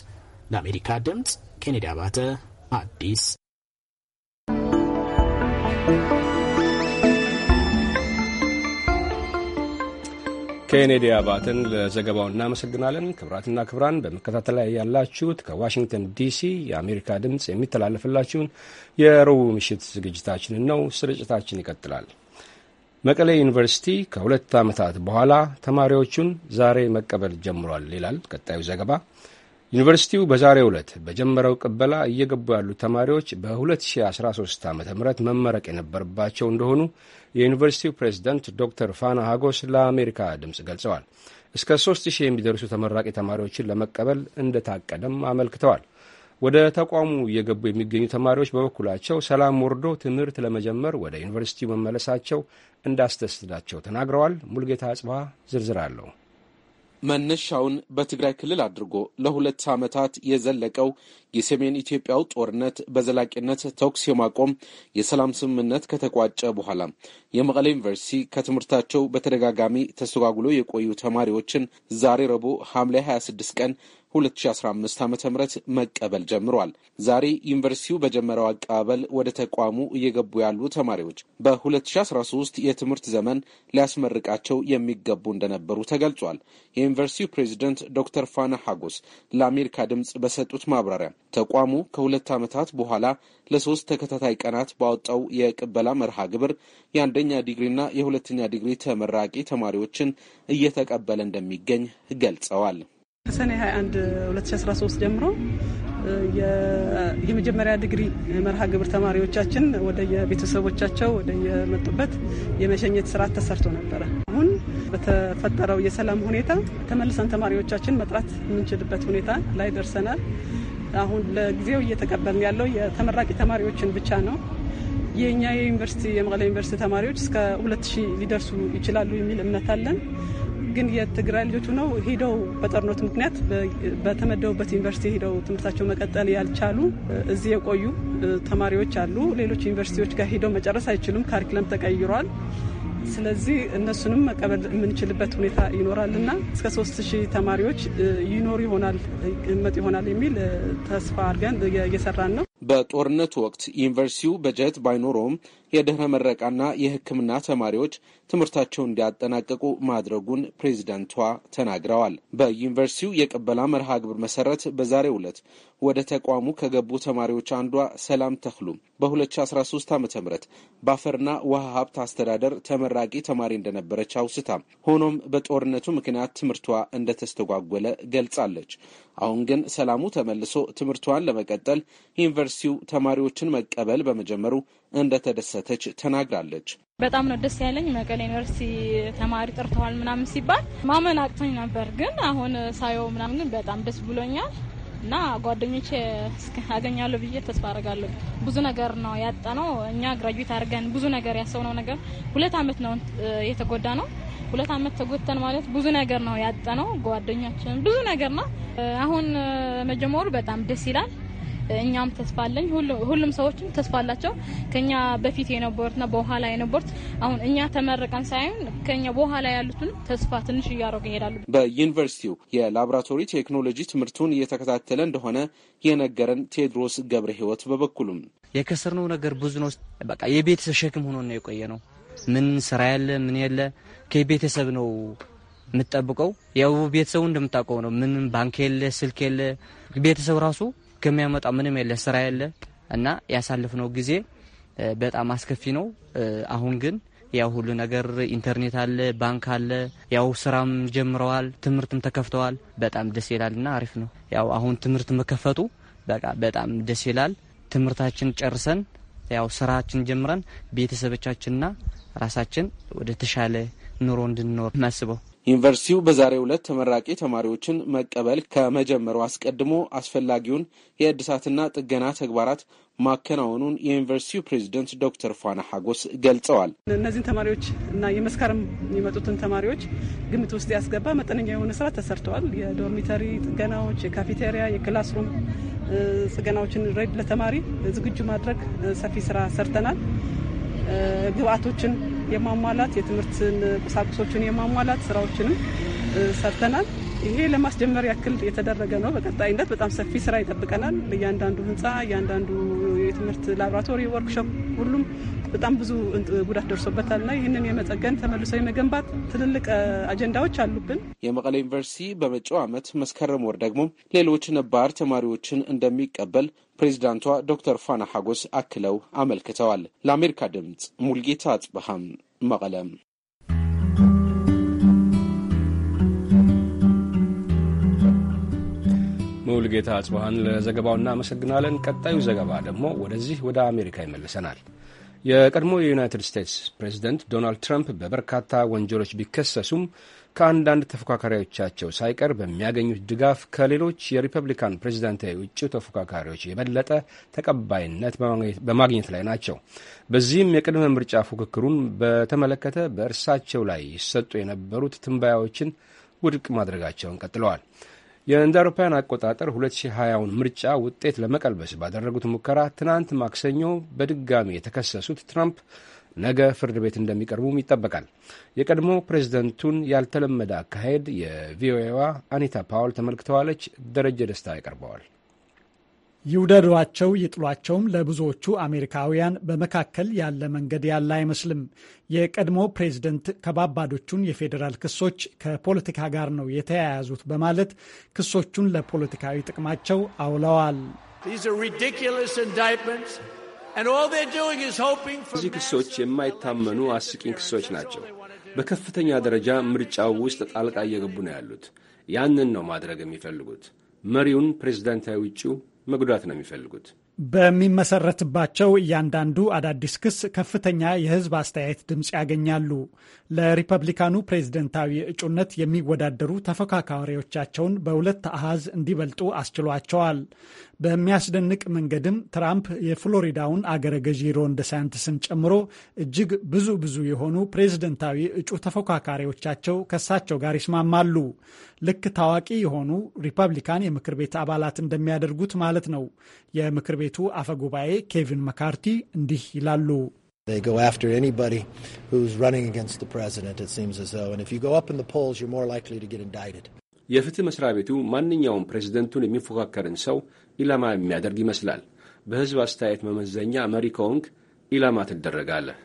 H: ለአሜሪካ ድምፅ ኬኔዲ አባተ አዲስ
A: ኬኔዲ አባትን ለዘገባው እናመሰግናለን። ክብራትና ክብራን በመከታተል ላይ ያላችሁት ከዋሽንግተን ዲሲ የአሜሪካ ድምፅ የሚተላለፍላችሁን የረቡዕ ምሽት ዝግጅታችንን ነው። ስርጭታችን ይቀጥላል። መቀሌ ዩኒቨርሲቲ ከሁለት ዓመታት በኋላ ተማሪዎቹን ዛሬ መቀበል ጀምሯል ይላል ቀጣዩ ዘገባ። ዩኒቨርሲቲው በዛሬው ዕለት በጀመረው ቅበላ እየገቡ ያሉት ተማሪዎች በ2013 ዓ ም መመረቅ የነበረባቸው እንደሆኑ የዩኒቨርሲቲው ፕሬዚደንት ዶክተር ፋና ሀጎስ ለአሜሪካ ድምፅ ገልጸዋል። እስከ 3000 የሚደርሱ ተመራቂ ተማሪዎችን ለመቀበል እንደታቀደም አመልክተዋል። ወደ ተቋሙ እየገቡ የሚገኙ ተማሪዎች በበኩላቸው ሰላም ወርዶ ትምህርት ለመጀመር ወደ ዩኒቨርሲቲው መመለሳቸው እንዳስደስታቸው ተናግረዋል። ሙልጌታ አጽባ ዝርዝር አለው።
O: መነሻውን በትግራይ ክልል አድርጎ ለሁለት ዓመታት የዘለቀው የሰሜን ኢትዮጵያው ጦርነት በዘላቂነት ተኩስ የማቆም የሰላም ስምምነት ከተቋጨ በኋላ የመቀሌ ዩኒቨርሲቲ ከትምህርታቸው በተደጋጋሚ ተስተጓጉሎ የቆዩ ተማሪዎችን ዛሬ ረቡዕ ሐምሌ 26 ቀን 2015 ዓ ም መቀበል ጀምሯል። ዛሬ ዩኒቨርሲቲው በጀመረው አቀባበል ወደ ተቋሙ እየገቡ ያሉ ተማሪዎች በ2013 የትምህርት ዘመን ሊያስመርቃቸው የሚገቡ እንደነበሩ ተገልጿል። የዩኒቨርሲቲው ፕሬዚደንት ዶክተር ፋና ሐጎስ ለአሜሪካ ድምፅ በሰጡት ማብራሪያ ተቋሙ ከሁለት ዓመታት በኋላ ለሶስት ተከታታይ ቀናት ባወጣው የቅበላ መርሃ ግብር የአንደኛ ዲግሪና የሁለተኛ ዲግሪ ተመራቂ ተማሪዎችን እየተቀበለ እንደሚገኝ ገልጸዋል።
N: ከሰኔ 21 2013 ጀምሮ የመጀመሪያ ዲግሪ መርሃ ግብር ተማሪዎቻችን ወደ የቤተሰቦቻቸው ወደ የመጡበት የመሸኘት ስርዓት ተሰርቶ ነበረ። አሁን በተፈጠረው የሰላም ሁኔታ ተመልሰን ተማሪዎቻችን መጥራት የምንችልበት ሁኔታ ላይ ደርሰናል። አሁን ለጊዜው እየተቀበልን ያለው የተመራቂ ተማሪዎችን ብቻ ነው። የእኛ የዩኒቨርሲቲ የመቀለ ዩኒቨርሲቲ ተማሪዎች እስከ 2000 ሊደርሱ ይችላሉ የሚል እምነት አለን። ግን የትግራይ ልጆች ሆነው ሄደው በጦርነቱ ምክንያት በተመደቡበት ዩኒቨርሲቲ ሄደው ትምህርታቸው መቀጠል ያልቻሉ እዚህ የቆዩ ተማሪዎች አሉ። ሌሎች ዩኒቨርሲቲዎች ጋር ሄደው መጨረስ አይችሉም። ካሪክለም ተቀይሯል። ስለዚህ እነሱንም መቀበል የምንችልበት ሁኔታ ይኖራልና እስከ ሶስት ሺህ ተማሪዎች ይኖሩ ይሆናል ይመጡ ይሆናል የሚል ተስፋ አድርገን እየሰራን ነው።
O: በጦርነቱ ወቅት ዩኒቨርሲቲው በጀት ባይኖረውም የድህረ መረቃና የሕክምና ተማሪዎች ትምህርታቸውን እንዲያጠናቀቁ ማድረጉን ፕሬዚዳንቷ ተናግረዋል። በዩኒቨርሲቲው የቅበላ መርሃ ግብር መሰረት በዛሬው ዕለት ወደ ተቋሙ ከገቡ ተማሪዎች አንዷ ሰላም ተክሉ በ2013 ዓ ም በአፈርና ውሃ ሀብት አስተዳደር ተመራቂ ተማሪ እንደነበረች አውስታ ሆኖም በጦርነቱ ምክንያት ትምህርቷ እንደተስተጓጎለ ገልጻለች። አሁን ግን ሰላሙ ተመልሶ ትምህርቷን ለመቀጠል ዩኒቨርሲቲው ተማሪዎችን መቀበል በመጀመሩ እንደተደሰተች ተናግራለች።
H: በጣም ነው ደስ ያለኝ። መቀሌ ዩኒቨርሲቲ ተማሪ ጠርተዋል ምናምን ሲባል ማመን አቅቶኝ ነበር፣ ግን አሁን ሳየው ምናምን ግን በጣም ደስ ብሎኛል እና ጓደኞቼ አገኛለሁ ብዬ ተስፋ አረጋለሁ። ብዙ ነገር ነው ያጣ ነው። እኛ ግራጁዌት አድርገን ብዙ ነገር ያሰውነው ነገር ሁለት አመት ነው የተጎዳ ነው ሁለት አመት ተጎተን ማለት ብዙ ነገር ነው ያጠነው። ጓደኛችን ብዙ ነገር ነው። አሁን መጀመሩ በጣም ደስ ይላል። እኛም ተስፋ አለኝ። ሁሉም ሰዎችም ተስፋ አላቸው። ከኛ በፊት የነበሩትና በኋላ የነበሩት አሁን እኛ ተመረቀን ሳይሆን ከኛ በኋላ ያሉትን ተስፋ ትንሽ እያደረጉ ይሄዳሉ።
O: በዩኒቨርሲቲው የላቦራቶሪ ቴክኖሎጂ ትምህርቱን እየተከታተለ እንደሆነ የነገረን ቴድሮስ ገብረ ህይወት በበኩሉም
H: የከሰርነው ነገር ብዙ ነው። በቃ የቤት ሸክም ሆኖ ነው የቆየ ነው ምን ስራ ያለ ምን የለ ከቤተሰብ ነው የምትጠብቀው። ያው ቤተሰቡ እንደምታውቀው ነው። ምን ባንክ የለ፣ ስልክ የለ፣ ቤተሰብ ራሱ ከሚያመጣ ምንም የለ፣ ስራ የለ እና ያሳለፍነው ጊዜ በጣም አስከፊ ነው። አሁን ግን ያው ሁሉ ነገር ኢንተርኔት አለ፣ ባንክ አለ፣ ያው ስራም ጀምረዋል፣ ትምህርትም ተከፍተዋል። በጣም ደስ ይላልና አሪፍ ነው። ያው አሁን ትምህርት መከፈቱ በቃ በጣም ደስ ይላል። ትምህርታችን ጨርሰን ያው ስራችን ጀምረን ቤተሰቦቻችንና ራሳችን ወደ ተሻለ ኑሮ እንድንኖር ማስበው
O: ዩኒቨርሲቲው በዛሬ ሁለት ተመራቂ ተማሪዎችን መቀበል ከመጀመሩ አስቀድሞ አስፈላጊውን የእድሳትና ጥገና ተግባራት ማከናወኑን የዩኒቨርሲቲው ፕሬዚደንት ዶክተር ፏና ሀጎስ ገልጸዋል።
N: እነዚህን ተማሪዎች እና የመስከረም የሚመጡትን ተማሪዎች ግምት ውስጥ ያስገባ መጠነኛ የሆነ ስራ ተሰርተዋል። የዶርሚተሪ ጥገናዎች፣ የካፌቴሪያ፣ የክላስሩም ጽገናዎችን ሬድ ለተማሪ ዝግጁ ማድረግ ሰፊ ስራ ሰርተናል። ግብአቶችን የማሟላት የትምህርት ቁሳቁሶችን የማሟላት ስራዎችንም ሰርተናል። ይሄ ለማስጀመር ያክል የተደረገ ነው። በቀጣይነት በጣም ሰፊ ስራ ይጠብቀናል። እያንዳንዱ ህንፃ፣ እያንዳንዱ የትምህርት ላቦራቶሪ፣ ወርክሾፕ ሁሉም በጣም ብዙ ጉዳት ደርሶበታል ና ይህንን የመጠገን ተመልሶ የመገንባት ትልልቅ አጀንዳዎች አሉብን። የመቀሌ
O: ዩኒቨርሲቲ በመጪው ዓመት መስከረም ወር ደግሞ ሌሎች ነባር ተማሪዎችን እንደሚቀበል ፕሬዚዳንቷ ዶክተር ፋና ሐጎስ አክለው አመልክተዋል። ለአሜሪካ ድምፅ ሙልጌታ አጽበሃም መቀለም
A: መውልጌታ ጽሁሃን ለዘገባው እናመሰግናለን። ቀጣዩ ዘገባ ደግሞ ወደዚህ ወደ አሜሪካ ይመልሰናል። የቀድሞ የዩናይትድ ስቴትስ ፕሬዚደንት ዶናልድ ትራምፕ በበርካታ ወንጀሎች ቢከሰሱም ከአንዳንድ ተፎካካሪዎቻቸው ሳይቀር በሚያገኙት ድጋፍ ከሌሎች የሪፐብሊካን ፕሬዚዳንታዊ እጩ ተፎካካሪዎች የበለጠ ተቀባይነት በማግኘት ላይ ናቸው። በዚህም የቅድመ ምርጫ ፉክክሩን በተመለከተ በእርሳቸው ላይ ይሰጡ የነበሩት ትንባያዎችን ውድቅ ማድረጋቸውን ቀጥለዋል። የእንደ አውሮፓውያን አቆጣጠር 2020ውን ምርጫ ውጤት ለመቀልበስ ባደረጉት ሙከራ ትናንት ማክሰኞ በድጋሚ የተከሰሱት ትራምፕ ነገ ፍርድ ቤት እንደሚቀርቡም ይጠበቃል። የቀድሞ ፕሬዝደንቱን ያልተለመደ አካሄድ የቪኦኤዋ አኒታ ፓውል ተመልክተዋለች። ደረጀ ደስታ ያቀርበዋል።
P: ይውደዷቸው ይጥሏቸውም ለብዙዎቹ አሜሪካውያን በመካከል ያለ መንገድ ያለ አይመስልም። የቀድሞ ፕሬዝደንት ከባባዶቹን የፌዴራል ክሶች ከፖለቲካ ጋር ነው የተያያዙት በማለት ክሶቹን ለፖለቲካዊ ጥቅማቸው አውለዋል።
C: እነዚህ ክሶች የማይታመኑ
A: አስቂኝ ክሶች ናቸው። በከፍተኛ ደረጃ ምርጫው ውስጥ ጣልቃ እየገቡ ነው ያሉት። ያንን ነው ማድረግ የሚፈልጉት መሪውን ፕሬዝዳንታዊ ውጭው? መጉዳት ነው
P: የሚፈልጉት። በሚመሰረትባቸው እያንዳንዱ አዳዲስ ክስ ከፍተኛ የህዝብ አስተያየት ድምፅ ያገኛሉ። ለሪፐብሊካኑ ፕሬዝደንታዊ እጩነት የሚወዳደሩ ተፎካካሪዎቻቸውን በሁለት አሃዝ እንዲበልጡ አስችሏቸዋል። በሚያስደንቅ መንገድም ትራምፕ የፍሎሪዳውን አገረ ገዢ ሮን ደሳንትስን ጨምሮ እጅግ ብዙ ብዙ የሆኑ ፕሬዝደንታዊ እጩ ተፎካካሪዎቻቸው ከሳቸው ጋር ይስማማሉ። ልክ ታዋቂ የሆኑ ሪፐብሊካን የምክር ቤት አባላት እንደሚያደርጉት ማለት ነው። የምክር ቤቱ አፈ ጉባኤ ኬቪን መካርቲ እንዲህ ይላሉ። They go after anybody who's running against the president, it seems as though. And if you go up in the polls, you're more likely to get indicted.
A: የፍትህ መስሪያ ቤቱ ማንኛውም ፕሬዚደንቱን የሚፎካከርን ሰው ኢላማ የሚያደርግ ይመስላል። በህዝብ አስተያየት መመዘኛ መሪ ከሆንክ ኢላማ ትደረጋለህ።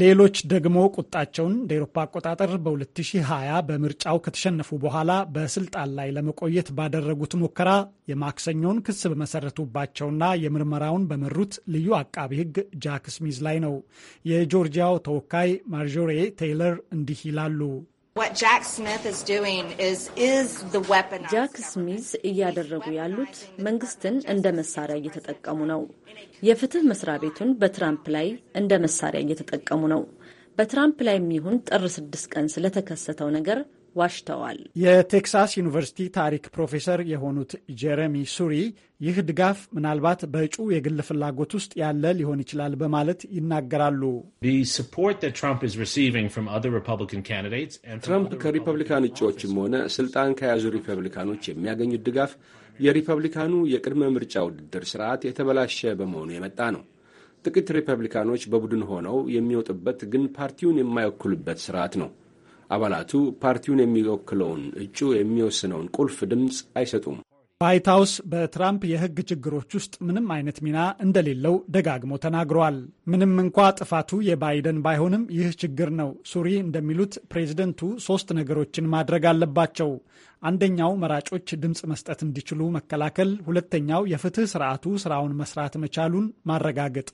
P: ሌሎች ደግሞ ቁጣቸውን እንደ ኤሮፓ አቆጣጠር በ2020 በምርጫው ከተሸነፉ በኋላ በስልጣን ላይ ለመቆየት ባደረጉት ሙከራ የማክሰኞውን ክስ በመሰረቱባቸውና የምርመራውን በመሩት ልዩ አቃቢ ህግ ጃክ ስሚዝ ላይ ነው። የጆርጂያው ተወካይ ማርጆሬ ቴይለር እንዲህ ይላሉ።
E: ጃክ
Q: ስሚዝ እያደረጉ ያሉት መንግስትን እንደ መሳሪያ እየተጠቀሙ ነው። የፍትህ መስሪያ ቤቱን በትራምፕ ላይ እንደ መሳሪያ እየተጠቀሙ ነው። በትራምፕ ላይ የሚሆን ጥር ስድስት ቀን ስለተከሰተው ነገር ዋሽተዋል።
P: የቴክሳስ ዩኒቨርሲቲ ታሪክ ፕሮፌሰር የሆኑት ጀረሚ ሱሪ ይህ ድጋፍ ምናልባት በእጩ የግል ፍላጎት ውስጥ ያለ ሊሆን ይችላል በማለት ይናገራሉ።
G: ትራምፕ
A: ከሪፐብሊካን እጩዎችም ሆነ ስልጣን ከያዙ ሪፐብሊካኖች የሚያገኙት ድጋፍ የሪፐብሊካኑ የቅድመ ምርጫ ውድድር ስርዓት የተበላሸ በመሆኑ የመጣ ነው። ጥቂት ሪፐብሊካኖች በቡድን ሆነው የሚወጡበት ግን ፓርቲውን የማይወክሉበት ስርዓት ነው። አባላቱ ፓርቲውን የሚወክለውን እጩ የሚወስነውን ቁልፍ ድምፅ አይሰጡም።
P: ዋይት ሀውስ በትራምፕ የህግ ችግሮች ውስጥ ምንም አይነት ሚና እንደሌለው ደጋግሞ ተናግሯል። ምንም እንኳ ጥፋቱ የባይደን ባይሆንም ይህ ችግር ነው። ሱሪ እንደሚሉት ፕሬዚደንቱ ሶስት ነገሮችን ማድረግ አለባቸው። አንደኛው መራጮች ድምፅ መስጠት እንዲችሉ መከላከል፣ ሁለተኛው የፍትህ ስርዓቱ ስራውን መስራት መቻሉን ማረጋገጥ፣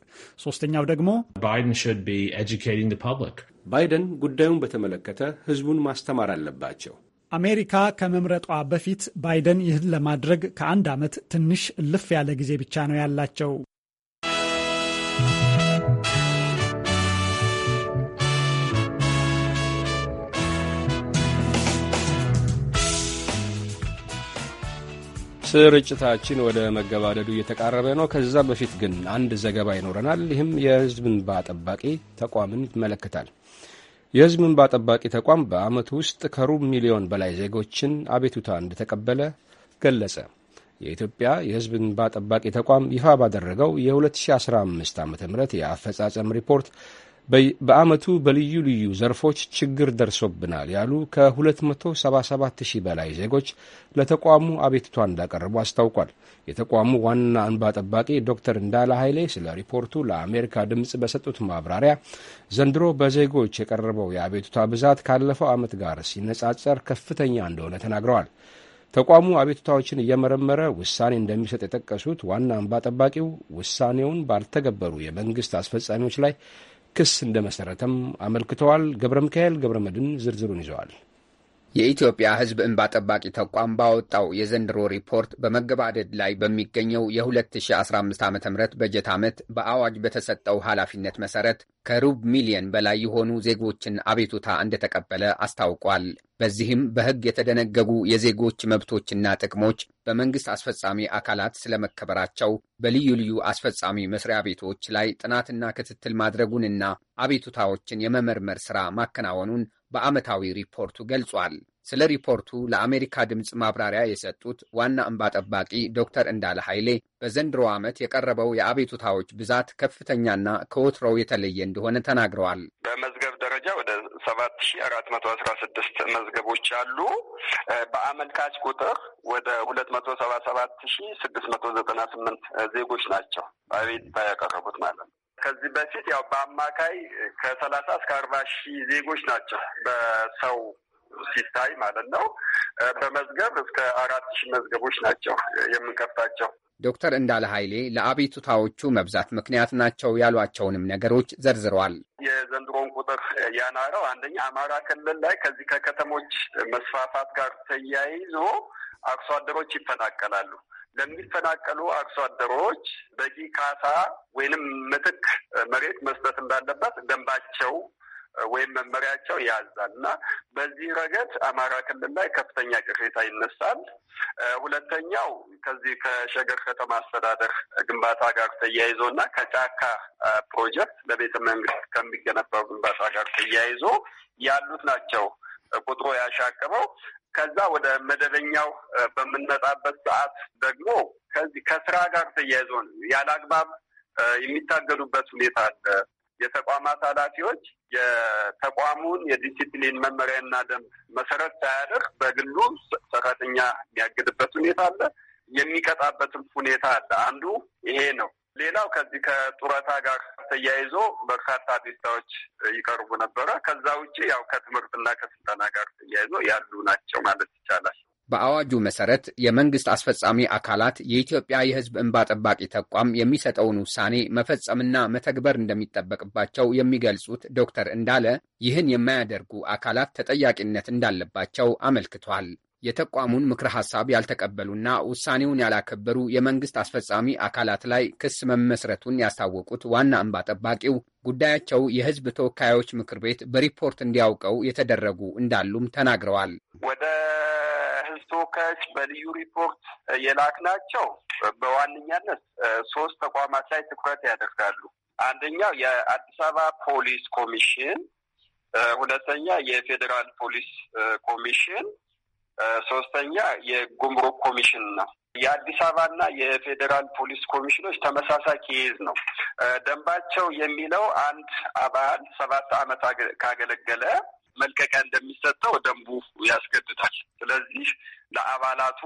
P: ሶስተኛው ደግሞ
A: ባይደን ሹድ ቢ ኤጁኬቲንግ ዘ ፐብሊክ ባይደን ጉዳዩን በተመለከተ ህዝቡን ማስተማር አለባቸው።
P: አሜሪካ ከመምረጧ በፊት ባይደን ይህን ለማድረግ ከአንድ ዓመት ትንሽ እልፍ ያለ ጊዜ ብቻ ነው ያላቸው።
A: ስርጭታችን ወደ መገባደዱ እየተቃረበ ነው። ከዛም በፊት ግን አንድ ዘገባ ይኖረናል። ይህም የሕዝብ እንባ ጠባቂ ተቋምን ይመለከታል። የሕዝብ እንባ ጠባቂ ተቋም በዓመት ውስጥ ከሩብ ሚሊዮን በላይ ዜጎችን አቤቱታ እንደተቀበለ ገለጸ። የኢትዮጵያ የሕዝብ እንባ ጠባቂ ተቋም ይፋ ባደረገው የ2015 ዓ ም የአፈጻጸም ሪፖርት በዓመቱ በልዩ ልዩ ዘርፎች ችግር ደርሶብናል ያሉ ከ277 ሺህ በላይ ዜጎች ለተቋሙ አቤቱታ እንዳቀረቡ አስታውቋል። የተቋሙ ዋና እንባ ጠባቂ ዶክተር እንዳለ ኃይሌ ስለ ሪፖርቱ ለአሜሪካ ድምፅ በሰጡት ማብራሪያ ዘንድሮ በዜጎች የቀረበው የአቤቱታ ብዛት ካለፈው ዓመት ጋር ሲነጻጸር ከፍተኛ እንደሆነ ተናግረዋል። ተቋሙ አቤቱታዎችን እየመረመረ ውሳኔ እንደሚሰጥ የጠቀሱት ዋና እንባ ጠባቂው ውሳኔውን ባልተገበሩ የመንግሥት አስፈጻሚዎች ላይ ክስ እንደመሰረተም አመልክተዋል። ገብረ ሚካኤል ገብረ መድን ዝርዝሩን ይዘዋል።
Q: የኢትዮጵያ ሕዝብ እንባ ጠባቂ ተቋም ባወጣው የዘንድሮ ሪፖርት በመገባደድ ላይ በሚገኘው የ2015 ዓ ም በጀት ዓመት በአዋጅ በተሰጠው ኃላፊነት መሰረት ከሩብ ሚሊየን በላይ የሆኑ ዜጎችን አቤቱታ እንደተቀበለ አስታውቋል። በዚህም በሕግ የተደነገጉ የዜጎች መብቶችና ጥቅሞች በመንግሥት አስፈጻሚ አካላት ስለመከበራቸው በልዩ ልዩ አስፈጻሚ መስሪያ ቤቶች ላይ ጥናትና ክትትል ማድረጉንና አቤቱታዎችን የመመርመር ሥራ ማከናወኑን በዓመታዊ ሪፖርቱ ገልጿል። ስለ ሪፖርቱ ለአሜሪካ ድምፅ ማብራሪያ የሰጡት ዋና እንባ ጠባቂ ዶክተር እንዳለ ኃይሌ በዘንድሮ ዓመት የቀረበው የአቤቱታዎች ብዛት ከፍተኛና ከወትሮው የተለየ እንደሆነ ተናግረዋል።
F: በመዝገብ ደረጃ ወደ
Q: ሰባት ሺ አራት መቶ አስራ ስድስት መዝገቦች አሉ።
F: በአመልካች ቁጥር ወደ ሁለት መቶ ሰባ ሰባት ሺ ስድስት መቶ ዘጠና ስምንት ዜጎች ናቸው አቤቱታ ያቀረቡት ማለት ነው። ከዚህ በፊት ያው በአማካይ ከሰላሳ እስከ አርባ ሺህ ዜጎች ናቸው በሰው ሲታይ ማለት ነው።
Q: በመዝገብ እስከ አራት ሺህ መዝገቦች ናቸው የምንከፍታቸው። ዶክተር እንዳለ ኃይሌ ለአቤቱታዎቹ መብዛት ምክንያት ናቸው ያሏቸውንም ነገሮች ዘርዝረዋል።
F: የዘንድሮን ቁጥር ያናረው አንደኛ አማራ ክልል ላይ ከዚህ ከከተሞች መስፋፋት ጋር ተያይዞ አርሶ አደሮች ይፈናቀላሉ። ለሚፈናቀሉ አርሶ አደሮች በቂ ካሳ ወይንም ምትክ መሬት መስጠት እንዳለበት ደንባቸው ወይም መመሪያቸው ያዛል እና በዚህ ረገድ አማራ ክልል ላይ ከፍተኛ ቅሬታ ይነሳል። ሁለተኛው ከዚህ ከሸገር ከተማ አስተዳደር ግንባታ ጋር ተያይዞ እና ከጫካ ፕሮጀክት ለቤተ መንግስት ከሚገነባው ግንባታ ጋር ተያይዞ ያሉት ናቸው ቁጥሩ ያሻቀበው ከዛ ወደ መደበኛው በምንመጣበት ሰዓት ደግሞ ከዚህ ከስራ ጋር ተያይዞ ነው ያለ አግባብ የሚታገዱበት ሁኔታ አለ። የተቋማት ኃላፊዎች የተቋሙን የዲሲፕሊን መመሪያና ደንብ መሰረት ሳያደርግ በግሉ ሰራተኛ የሚያግድበት ሁኔታ አለ፣ የሚቀጣበትም ሁኔታ አለ። አንዱ ይሄ ነው። ሌላው ከዚህ ከጡረታ ጋር ተያይዞ በርካታ አቤቱታዎች ይቀርቡ ነበረ። ከዛ ውጭ ያው ከትምህርትና ከስልጠና ጋር ተያይዞ ያሉ ናቸው ማለት
Q: ይቻላል። በአዋጁ መሰረት የመንግስት አስፈጻሚ አካላት የኢትዮጵያ የሕዝብ እንባ ጠባቂ ተቋም የሚሰጠውን ውሳኔ መፈጸምና መተግበር እንደሚጠበቅባቸው የሚገልጹት ዶክተር እንዳለ ይህን የማያደርጉ አካላት ተጠያቂነት እንዳለባቸው አመልክቷል። የተቋሙን ምክረ ሐሳብ ያልተቀበሉና ውሳኔውን ያላከበሩ የመንግስት አስፈጻሚ አካላት ላይ ክስ መመስረቱን ያስታወቁት ዋና እንባ ጠባቂው ጉዳያቸው የሕዝብ ተወካዮች ምክር ቤት በሪፖርት እንዲያውቀው የተደረጉ እንዳሉም ተናግረዋል። ወደ ሕዝብ
F: ተወካዮች በልዩ ሪፖርት የላክ ናቸው በዋነኛነት ሶስት ተቋማት ላይ ትኩረት ያደርጋሉ። አንደኛው የአዲስ አበባ ፖሊስ ኮሚሽን፣ ሁለተኛ የፌዴራል ፖሊስ ኮሚሽን ሶስተኛ የጉምሩክ ኮሚሽን ነው። የአዲስ አበባና የፌዴራል ፖሊስ ኮሚሽኖች ተመሳሳይ ኬዝ ነው። ደንባቸው የሚለው አንድ አባል ሰባት ዓመት ካገለገለ መልቀቂያ እንደሚሰጠው ደንቡ ያስገድዳል። ስለዚህ ለአባላቱ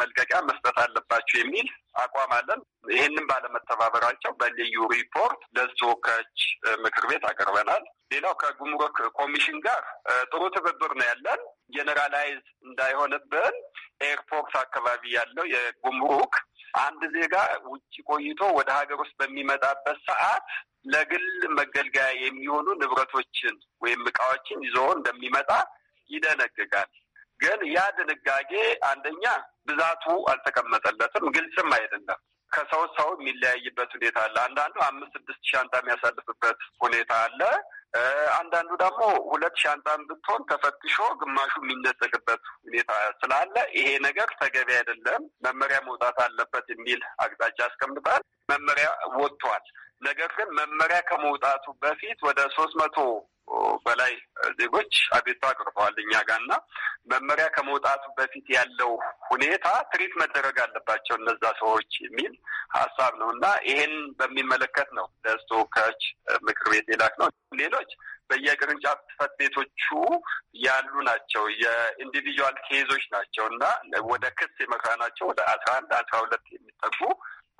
F: መልቀቂያ መስጠት አለባቸው የሚል አቋም አለን። ይህንም ባለመተባበራቸው በልዩ ሪፖርት ለተወካዮች ምክር ቤት አቅርበናል። ሌላው ከጉምሩክ ኮሚሽን ጋር ጥሩ ትብብር ነው ያለን። ጀኔራላይዝ እንዳይሆንብን ኤርፖርት አካባቢ ያለው የጉምሩክ አንድ ዜጋ ውጭ ቆይቶ ወደ ሀገር ውስጥ በሚመጣበት ሰዓት ለግል መገልገያ የሚሆኑ ንብረቶችን ወይም እቃዎችን ይዞ እንደሚመጣ ይደነግጋል። ግን ያ ድንጋጌ አንደኛ ብዛቱ አልተቀመጠለትም፣ ግልጽም አይደለም። ከሰው ሰው የሚለያይበት ሁኔታ አለ። አንዳንዱ አምስት ስድስት ሻንጣ የሚያሳልፍበት ሁኔታ አለ። አንዳንዱ ደግሞ ሁለት ሻንጣን ብትሆን ተፈትሾ ግማሹ የሚነጠቅበት ሁኔታ ስላለ ይሄ ነገር ተገቢ አይደለም፣ መመሪያ መውጣት አለበት የሚል አቅጣጫ አስቀምጣል። መመሪያ ወጥቷል። ነገር ግን መመሪያ ከመውጣቱ በፊት ወደ ሶስት መቶ በላይ ዜጎች አቤቱታ አቅርበዋል እኛ ጋር እና መመሪያ ከመውጣቱ በፊት ያለው ሁኔታ ትሪት መደረግ አለባቸው እነዛ ሰዎች የሚል ሀሳብ ነው እና ይሄን በሚመለከት ነው ለተወካዮች ምክር ቤት የላክ ነው። ሌሎች በየቅርንጫፍ ጽሕፈት ቤቶቹ ያሉ ናቸው። የኢንዲቪጁዋል ኬዞች ናቸው እና ወደ ክስ የመራ ናቸው ወደ አስራ አንድ አስራ ሁለት የሚጠጉ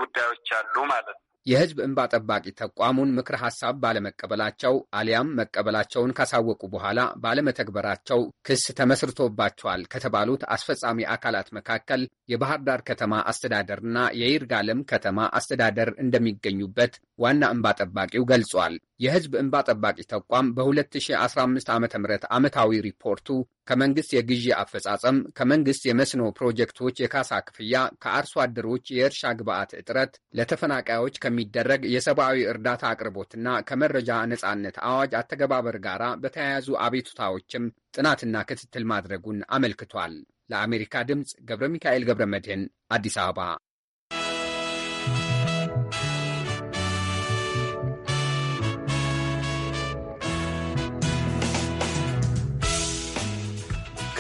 Q: ጉዳዮች አሉ ማለት ነው። የህዝብ እንባ ጠባቂ ተቋሙን ምክር ሐሳብ ባለመቀበላቸው አሊያም መቀበላቸውን ካሳወቁ በኋላ ባለመተግበራቸው ክስ ተመስርቶባቸዋል ከተባሉት አስፈጻሚ አካላት መካከል የባህር ዳር ከተማ አስተዳደርና የይርጋለም ከተማ አስተዳደር እንደሚገኙበት ዋና እንባ ጠባቂው ገልጿል። የህዝብ እንባ ጠባቂ ተቋም በ2015 ዓ ም ዓመታዊ ሪፖርቱ ከመንግሥት የግዢ አፈጻጸም፣ ከመንግሥት የመስኖ ፕሮጀክቶች የካሳ ክፍያ፣ ከአርሶ አደሮች የእርሻ ግብዓት እጥረት፣ ለተፈናቃዮች ከ ከሚደረግ የሰብአዊ እርዳታ አቅርቦትና ከመረጃ ነጻነት አዋጅ አተገባበር ጋር በተያያዙ አቤቱታዎችም ጥናትና ክትትል ማድረጉን አመልክቷል። ለአሜሪካ ድምፅ ገብረ ሚካኤል ገብረ መድህን አዲስ አበባ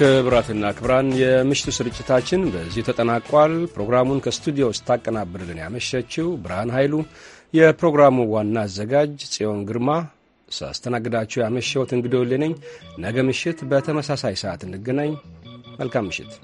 A: ክብራትና ክብራን የምሽቱ ስርጭታችን በዚህ ተጠናቋል። ፕሮግራሙን ከስቱዲዮ ስታቀናብርልን ያመሸችው ብርሃን ኃይሉ፣ የፕሮግራሙ ዋና አዘጋጅ ጽዮን ግርማ፣ ሳስተናግዳችሁ ያመሸሁት እንግዶል ነኝ። ነገ ምሽት በተመሳሳይ ሰዓት እንገናኝ። መልካም ምሽት።